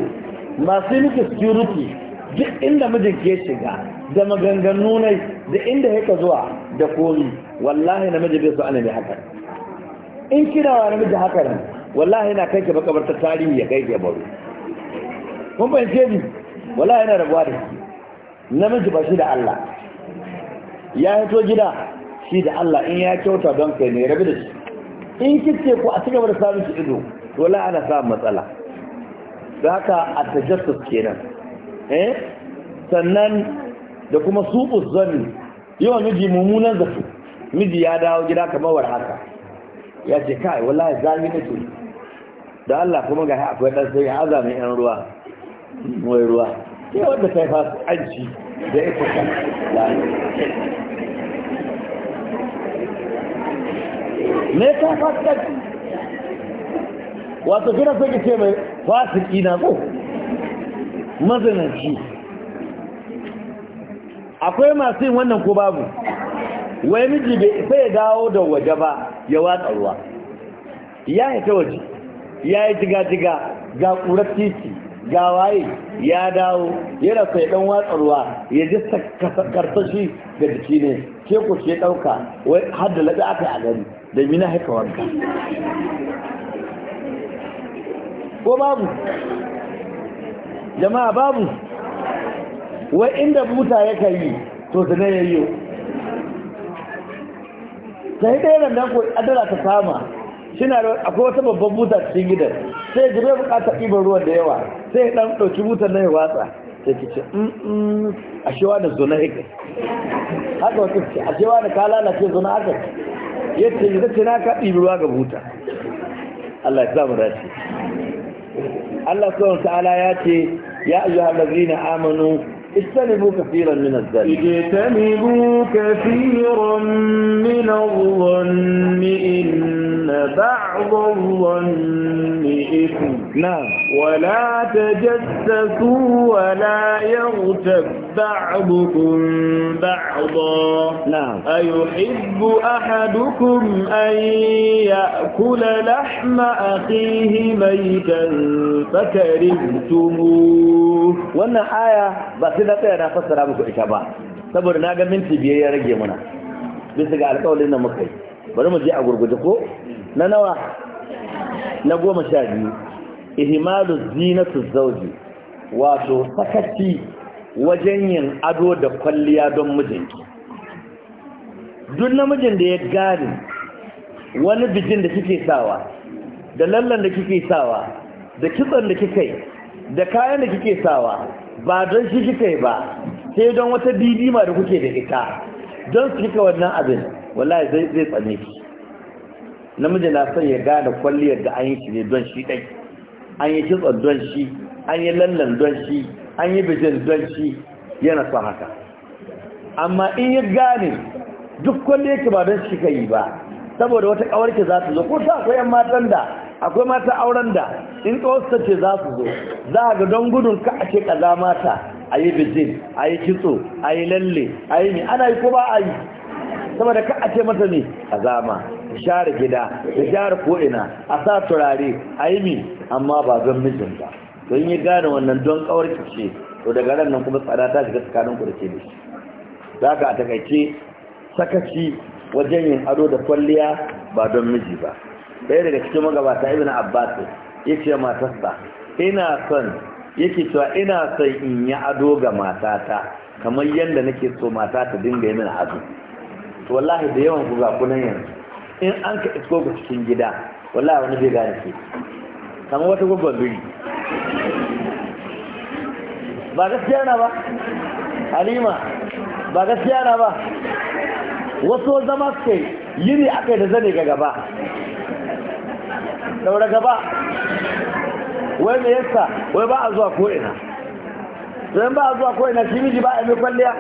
masu miki security duk inda mijinki ke shiga da maganganu ne da inda yake zuwa da komi wallahi miji bai so ana mai haka in kina wa namiji haka wallahi na kai ki ta tarihi ya kai ke baro kun fahimce ni wala yana rabuwa da shi namiji ba shi da Allah ya hito gida shi da Allah in ya kyauta don kai ne rabu da shi in kitse ko a gaba da samun shi ido to la ana samun matsala da haka a tajassus kenan eh sannan da kuma subu zanni yawan miji mummunan zafi miji ya dawo gida kamar war haka ya ce kai wallahi zalimi ne to da Allah kuma ga akwai dan sai ya azami yan ruwa mai ruwa sai wadda kai fa aji da ita kan lani me ka fasika wato kina so ki ce mai fasiki na ko mazanaci akwai masu yin wannan ko babu wai miji bai sai ya dawo da waje ba ya watsa ruwa ya yi ta waje ya yi jiga-jiga ga ƙurar titi gawaye ya dawo yana sai dan watsarwa ya ji karsashi da jiki ne ke ku ce dauka wai har da labi aka a gari da mina haka wanka ko babu jama'a babu wai inda buta ya yi to da ya yi sai ɗaya nan ko adala ta sama shi na akwai wata babban buta cikin gidan sai ji bai bukatar ɗiban ruwan da yawa sai ɗan ɗauki butar na ya watsa sai ki ce mm, mm, a shewa da zuna haka haka wata ce a shewa da ka lalace zuna haka ce yi zace na ka ɗibi ruwa ga buta Allah ya samu dace Allah subhanahu ta'ala ya ce ya ayyuhal ladzina amanu اجتنبوا كثيرا من الظن اجتنبوا كثيرا من الظن إن بعض الظن إثم na wala ta jasta su wala yauta ba'abukun ba'abo na a yi ibu a hadukun ayyya kula lahma a fihi tumu wannan aya ba su na tsaye na fassara muku ita ba saboda na ga minti biyar ya rage mana, bisa ga alƙawalin na mukai bari mu je a gurguje ko nawa na goma sha biyu ihmalu zinatu zawji wato sakaci wajen yin ado da kwalliya don mijinki duk namijin da ya gani wani bijin da kike sawa da lallan da kike sawa da kitson da kike da kayan da kike sawa ba don shi kike ba sai don wata didi ma da kuke da ita don su kika wannan abin wallahi zai zai tsane shi namiji na son ya gane kwalliyar da an yi shi ne don shi ɗai an yi kitson don shi an yi lallan don shi an yi bijin don shi yana sa haka amma in yi gane duk kwallo yake ba don shi ka yi ba saboda wata kawarki za su zo ko ta akwai 'yan matan da akwai mata auren da in kawarsa ce za su zo za a ga don gudun ka a ce kaza mata a yi bijin a yi kitso a yi lalle a yi ne ana yi ko ba a yi saboda ka a ce masa ne a zama, azama share gida a share ko'ina a sa turare a yi mi amma ba don mijin ba don yi gane wannan don kawar kice to daga ran nan kuma tsada ta shiga tsakanin ku da ke dashi za ka a takaice sakaci wajen yin ado da kwalliya ba don miji ba ɗaya daga cikin magabata ibn abbas ya ce matarsa ina son yake cewa ina son in yi ado ga matata kamar yadda nake so mata ta dinga yi mini ado to wallahi da yawan ku ga kunan yanzu in an ka isko ku cikin gida wallahi wani bai gane ke kamar wata gwagwan biri ba gaskiya na ba halima ba gaskiya na ba wasu zama kai yiri aka yi da zane ga gaba daura gaba wai me yasa wai ba a zuwa ko'ina zai ba a zuwa ko'ina shi miji ba a yi mai kwalliya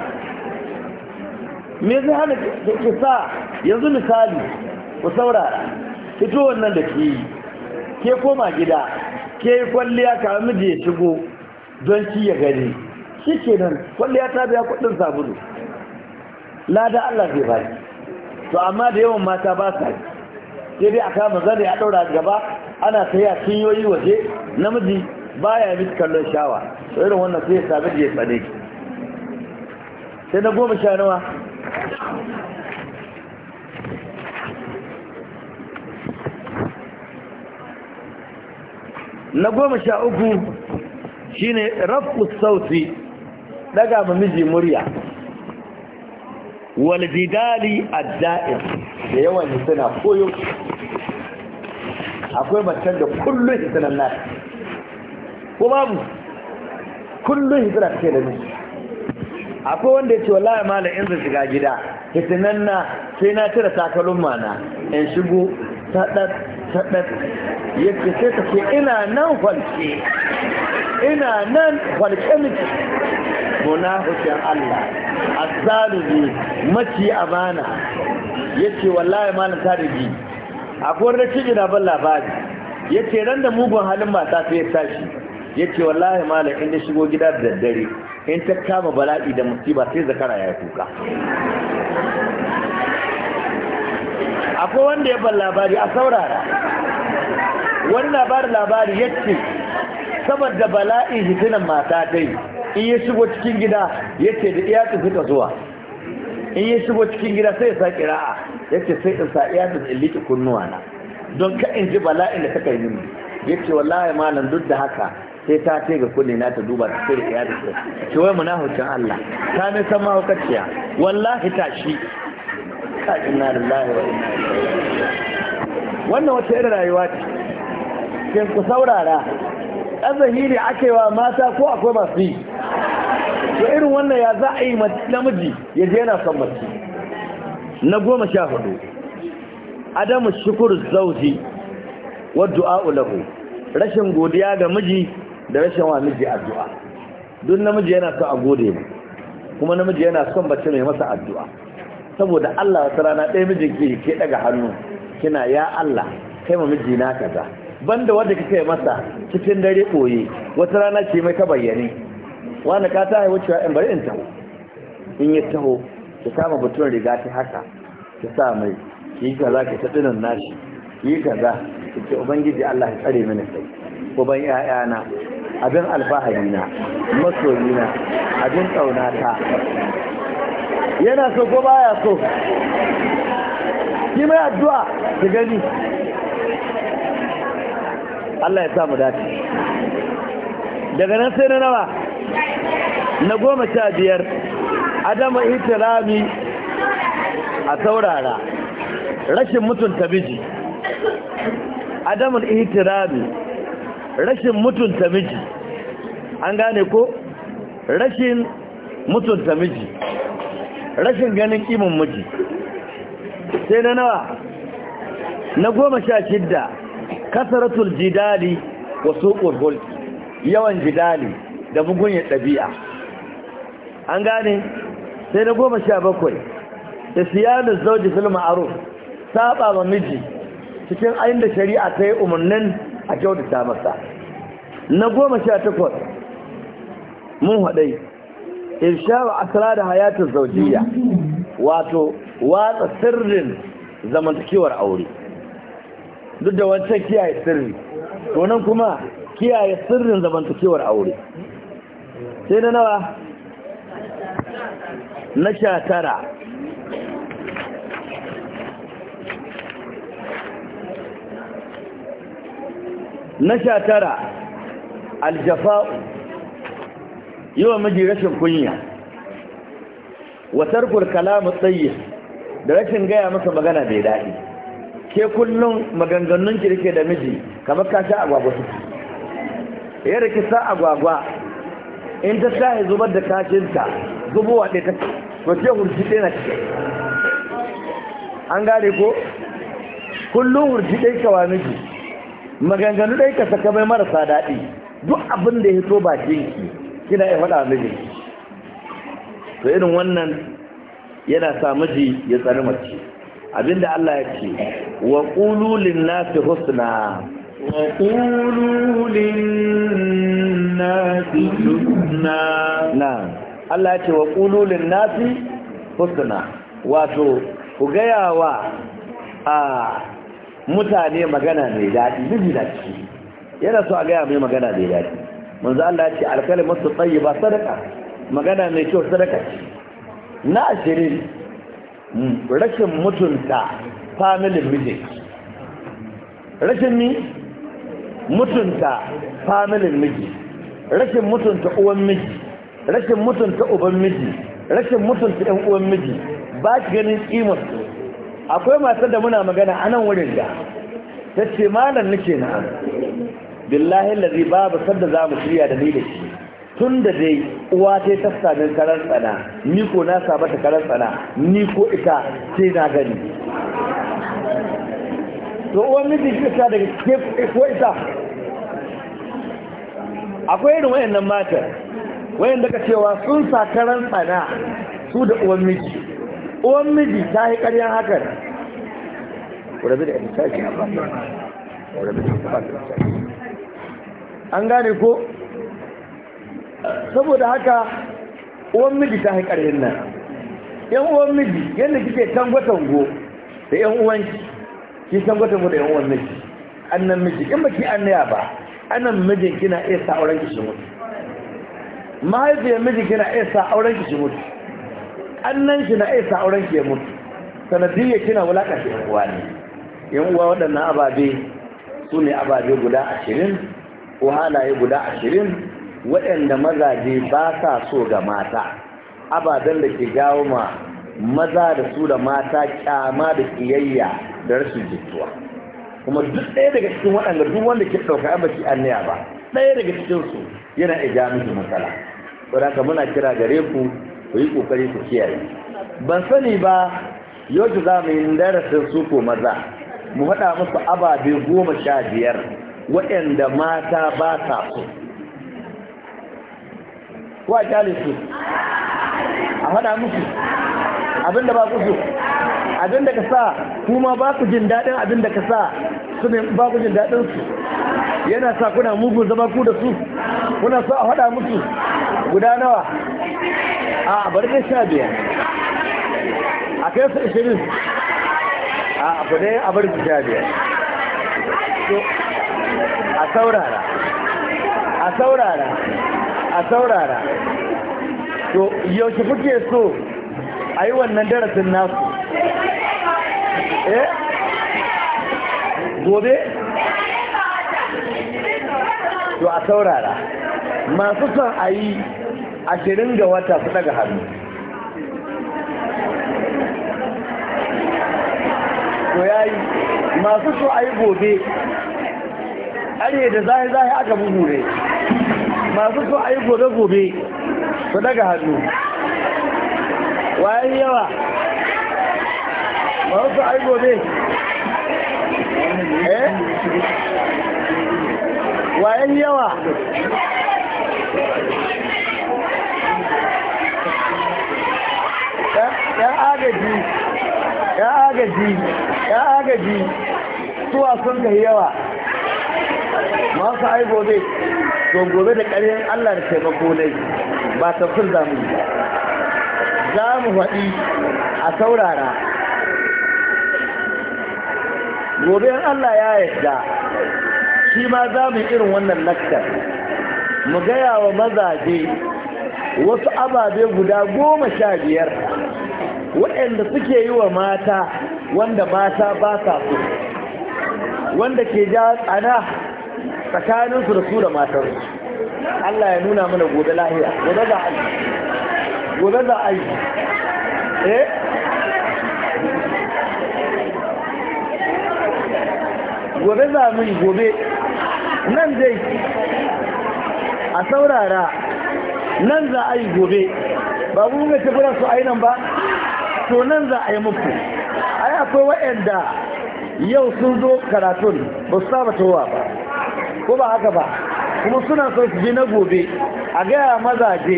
me zai hana ki sa yanzu misali ku saurara fito wannan da ke ke koma gida ke yi kwalliya ka miji ya shigo don shi ya gani shi ke nan kwalliya ta biya kudin sabulu lada Allah zai ba to amma da yawan mata ba sa sai dai a kama zane a ɗaura gaba ana saya cinyoyi waje namiji baya miki kallon shawa to irin wannan sai ya sami da ya tsane sai na goma sha nawa na goma sha uku shi ne sauti daga mamiji murya walbidali a da'ir da yawan hisina koyo akwai matan da kullum hisinan nasi ko babu kullum hisinan ke da miji akwai wanda ya ce wallahi malam in zan shiga gida fitinan na sai na cire takalun mana in shigo sadat sadat yake sai ta ce ina nan kwalce ina nan kwalce miki munafikin Allah azzalumi maci amana yace wallahi malam ta rigi akwai wanda ce na ban labari yace ran da mugun halin mata sai ya tashi ya ce wallahi malam inda shigo gida da daddare in ta kama bala'i da musiba sai zakara ya kuka akwai wanda ya bar labari a saurara wani labarin labari ya ce saboda bala'i hitunan mata ta yi in ya shigo cikin gida ya ce da iyatsu ta zuwa in ya shigo cikin gida sai ya sa kira'a ya ce sai in sa iyatsu in liƙi kunnuwa na don ka in ji bala'in da ta kai mini ya ce wallahi malam duk da haka sai ta ce ga kulle na ta duba ta sai da iya da su ki wai hukun Allah ta ne san mahaukaciya wallahi ta shi ka inna lillahi wa inna ilaihi wannan wata irin rayuwa ce kin ku saurara dan zahiri ake wa mata ko akwai masu yi to irin wannan ya za a yi namiji ya je yana son mace na goma sha hudu adamu shukuru zauji wa du'a lahu rashin godiya ga miji da rashin wa miji addu'a duk namiji yana son a gode mu kuma namiji yana son bace mai masa addu'a saboda Allah wata rana ɗaya miji ke ke daga hannu kina ya Allah kai ma miji na kaza banda wanda kika yi masa cikin dare koyi wata rana ce mai ta bayyane wani ka ta haihu cewa in bari in taho in yi taho ki kama batun riga ta haka ta sa mai ki yi kaza ki tafi nashi ki yi kaza ki ce ubangiji Allah ya tsare mini kai ko ban ƴaƴana abin alfahari na masoyi na abin ƙaunata yana so ko baya so yi mai addu'a ta gani Allah ya sa mu dace daga nan sai na nawa na goma sha biyar adama itirami a saurara rashin mutunta biji adamun itirami rashin mutunta miji an gane ko rashin mutunta miji rashin ganin kimin miji sai na nawa na goma sha shidda kasaratul jidali wa suqul hulk yawan jidali da ya ɗabi'a an gane sai na goma sha bakwai da siyanar zauji ma'aru ma'aruf saba wa miji cikin ayin da shari'a ta yi umarnin a kyautata masa na goma sha takwas mun haɗai wa asala da hayatun zaujiya wato watsa sirrin zamantakewar aure duk da wancan kiyaye sirri to kuma kiyaye sirrin zamantakewar aure sai na nawa na sha tara na sha tara aljafa'u yi wa miji rashin kunya watar kurkala matsayi da rashin gaya masa magana bai daɗi ke kullum maganganun kirke da miji kamar ka sha agwagwa su ya rike sa agwagwa in ta sahi zubar da kashinta zubowa ɗaya ta ce hurji ɗaya na cike an gane ko kullum hurci ɗaya kawa miji maganganu dai ka saka mai marasa daɗi duk abin da ya so bakin ki kina ya faɗa miji to irin wannan yana sa miji ya tsari mace abinda Allah ya ce wa qulu lin husna wa qulu lin husna na Allah ya ce wa qulu lin husna wato ku gaya wa a mutane magana mai daɗi miji na ciki yana so a gaya mai magana mai daɗi manzo Allah ya ce alkalimatu tayyiba sadaka magana mai kyau sadaka ce na ashirin mm, rashin mutunta family meeting rashin ni mutunta family miji rashin mutunta uwan miji rashin mutunta uban miji rashin mutunta ɗan uwan miji ba ki ganin kimar akwai matar da muna magana a nan wurin da ta ce malar nake na billahi lazi babu sadda za mu shirya da ni da shi tun da dai uwa ta ta sami karar tsana ni ko na saba ta karar tsana ni ko ita sai na gani to uwan miji shi ta daga ke ko ita akwai irin wayannan matar, wayanda ka cewa sun sa karar tsana su da uwan miji uwan miji ta yi ƙaryan hakan ƙurabi da ita ce a fata ƙurabi da ita an gane ko saboda haka uwan miji ta yi ƙaryan nan yan uwan miji yadda kike tango-tango da yan uwanki ki tango-tango da yan uwan miji annan miji in baki annaya ba annan mijin kina iya sa kishin mutu mahaifiyar miji kina iya sa kishin mutu annan shi na isa auren ke mutu sanadiyya kina wulaka shi uwa ne yan uwa waɗannan ababe su ne ababe guda ashirin ko halaye guda ashirin waɗanda mazaje ba sa so ga mata ababen da ke jawo ma maza da su da mata kyama da kiyayya da rashin jituwa kuma duk ɗaya daga cikin waɗanda duk wanda ke ɗauka an baki annaya ba ɗaya daga cikinsu yana iya miki matsala saboda muna kira gare ku ku yi kokari ku kiyaye ban sani ba yau za mu yi darasin su ko maza mu faɗa musu ababe goma sha biyar waɗanda mata ba sa so ko a kyale su a faɗa musu abinda ba ku so abinda ka sa kuma ba ku jin daɗin abinda ka sa su ne ba ku jin daɗin su yana sa kuna mugun zama ku da su kuna so a faɗa musu guda nawa a bari da sha biyar a kai su ishirin a abu ne a bari da sha biyar a saurara a saurara a saurara to yaushe kuke so a yi wannan darasin nasu eh gobe to a saurara masu son a yi ashirin ga wata su daga hannu to yi. masu so a yi gobe are da zahi zahi aka bugu ne masu so a yi gobe gobe su daga hannu wayan yawa masu so a yi gobe eh? wayan yawa yan agaji yan agaji yan agaji suwa sun ga yawa masu ai gobe to gobe da ƙarfin Allah da taimako ne ba ta sun zamu za mu faɗi a saurara gobe yan Allah ya yadda shi ma za mu irin wannan laktar, mu gaya wa mazaje wasu ababe guda goma sha biyar waɗanda suke yi wa mata wanda mata ba sa so wanda ke ja tsana tsakaninsu da su da matar Allah ya nuna mana gobe lahiya gobe za a yi gobe za a yi eh gobe za mu yi gobe nan zai a saurara nan za a yi gobe ba mu ga tafiya su a nan ba to nan za a yi muku ai akwai waɗanda yau sun zo karatun ba su saba towa ba ko ba haka ba kuma suna son su ji na gobe a gaya mazaje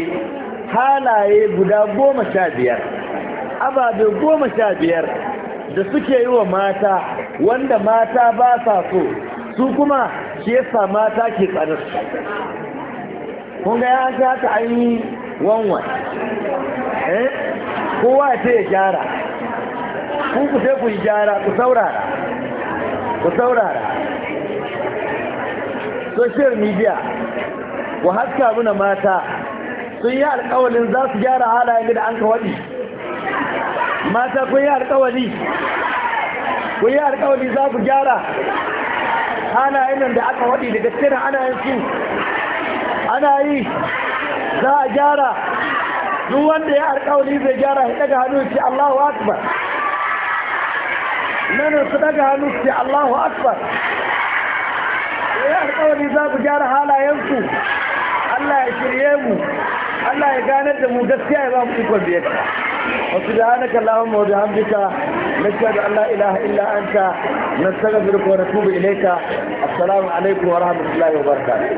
halaye guda goma sha biyar ababe goma sha biyar da suke yi wa mata wanda mata ba sa so su kuma shi yasa mata ke tsanar kun ga ya haka an yi wanwan eh kowa ya ce ya gyara ku ku sai ku yi gyara ku saurara ku saurara social media ku haska muna mata sun yi alkawalin za su gyara halayen da an kawadi mata kun yi alkawali kun yi alkawali za ku gyara halayen da aka waɗi daga cikin ana yin su ana yi za a gyara duk wanda ya alkawali zai gyara shi daga hannu ce Allahu akbar nan su daga hannu ce Allahu akbar ya alkawali za ku gyara halayenku Allah ya shirye mu Allah ya ganar da mu gaskiya ya ba mu ikon biyarta wasu da hannaka Allahumma wa na shi da Allah ilaha illa anta nastaghfiruka wa natubu ilayka assalamu alaikum wa rahmatullahi wa barakatuh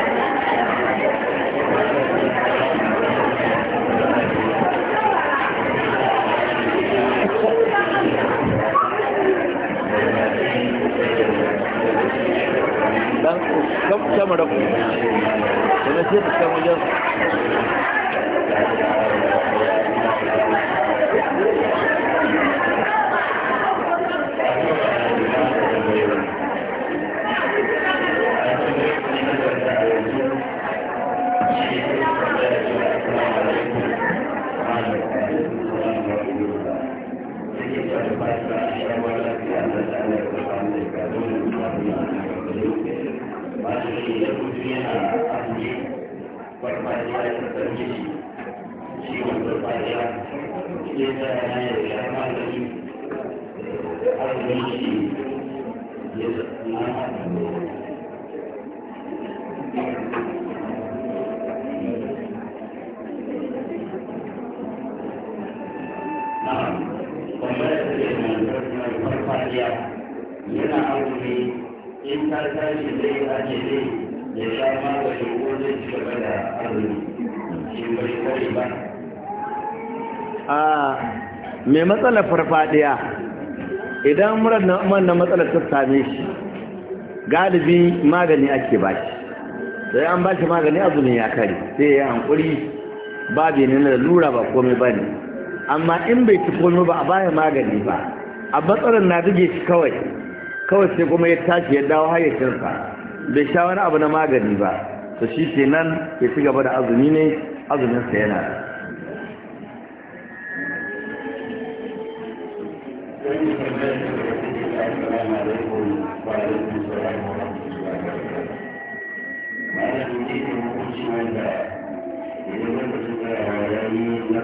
matsalar farfadiya idan murar na na matsalar ta same shi galibi magani ake ba shi sai an ba shi magani azumin ya kare sai ya yi hankuri ba ne na lura ba komai ba ne amma in bai ci komai ba a baya magani ba a matsalar na rage shi kawai kawai sai kuma ya tashi ya dawo hayyacinsa bai sha wani abu na magani ba to shi ke nan ya ci gaba da azumi ne azuminsa yana da وعليكم السلام ورحمة الله وبركاته ما لم يجد من كل شيء إذا لم تستطع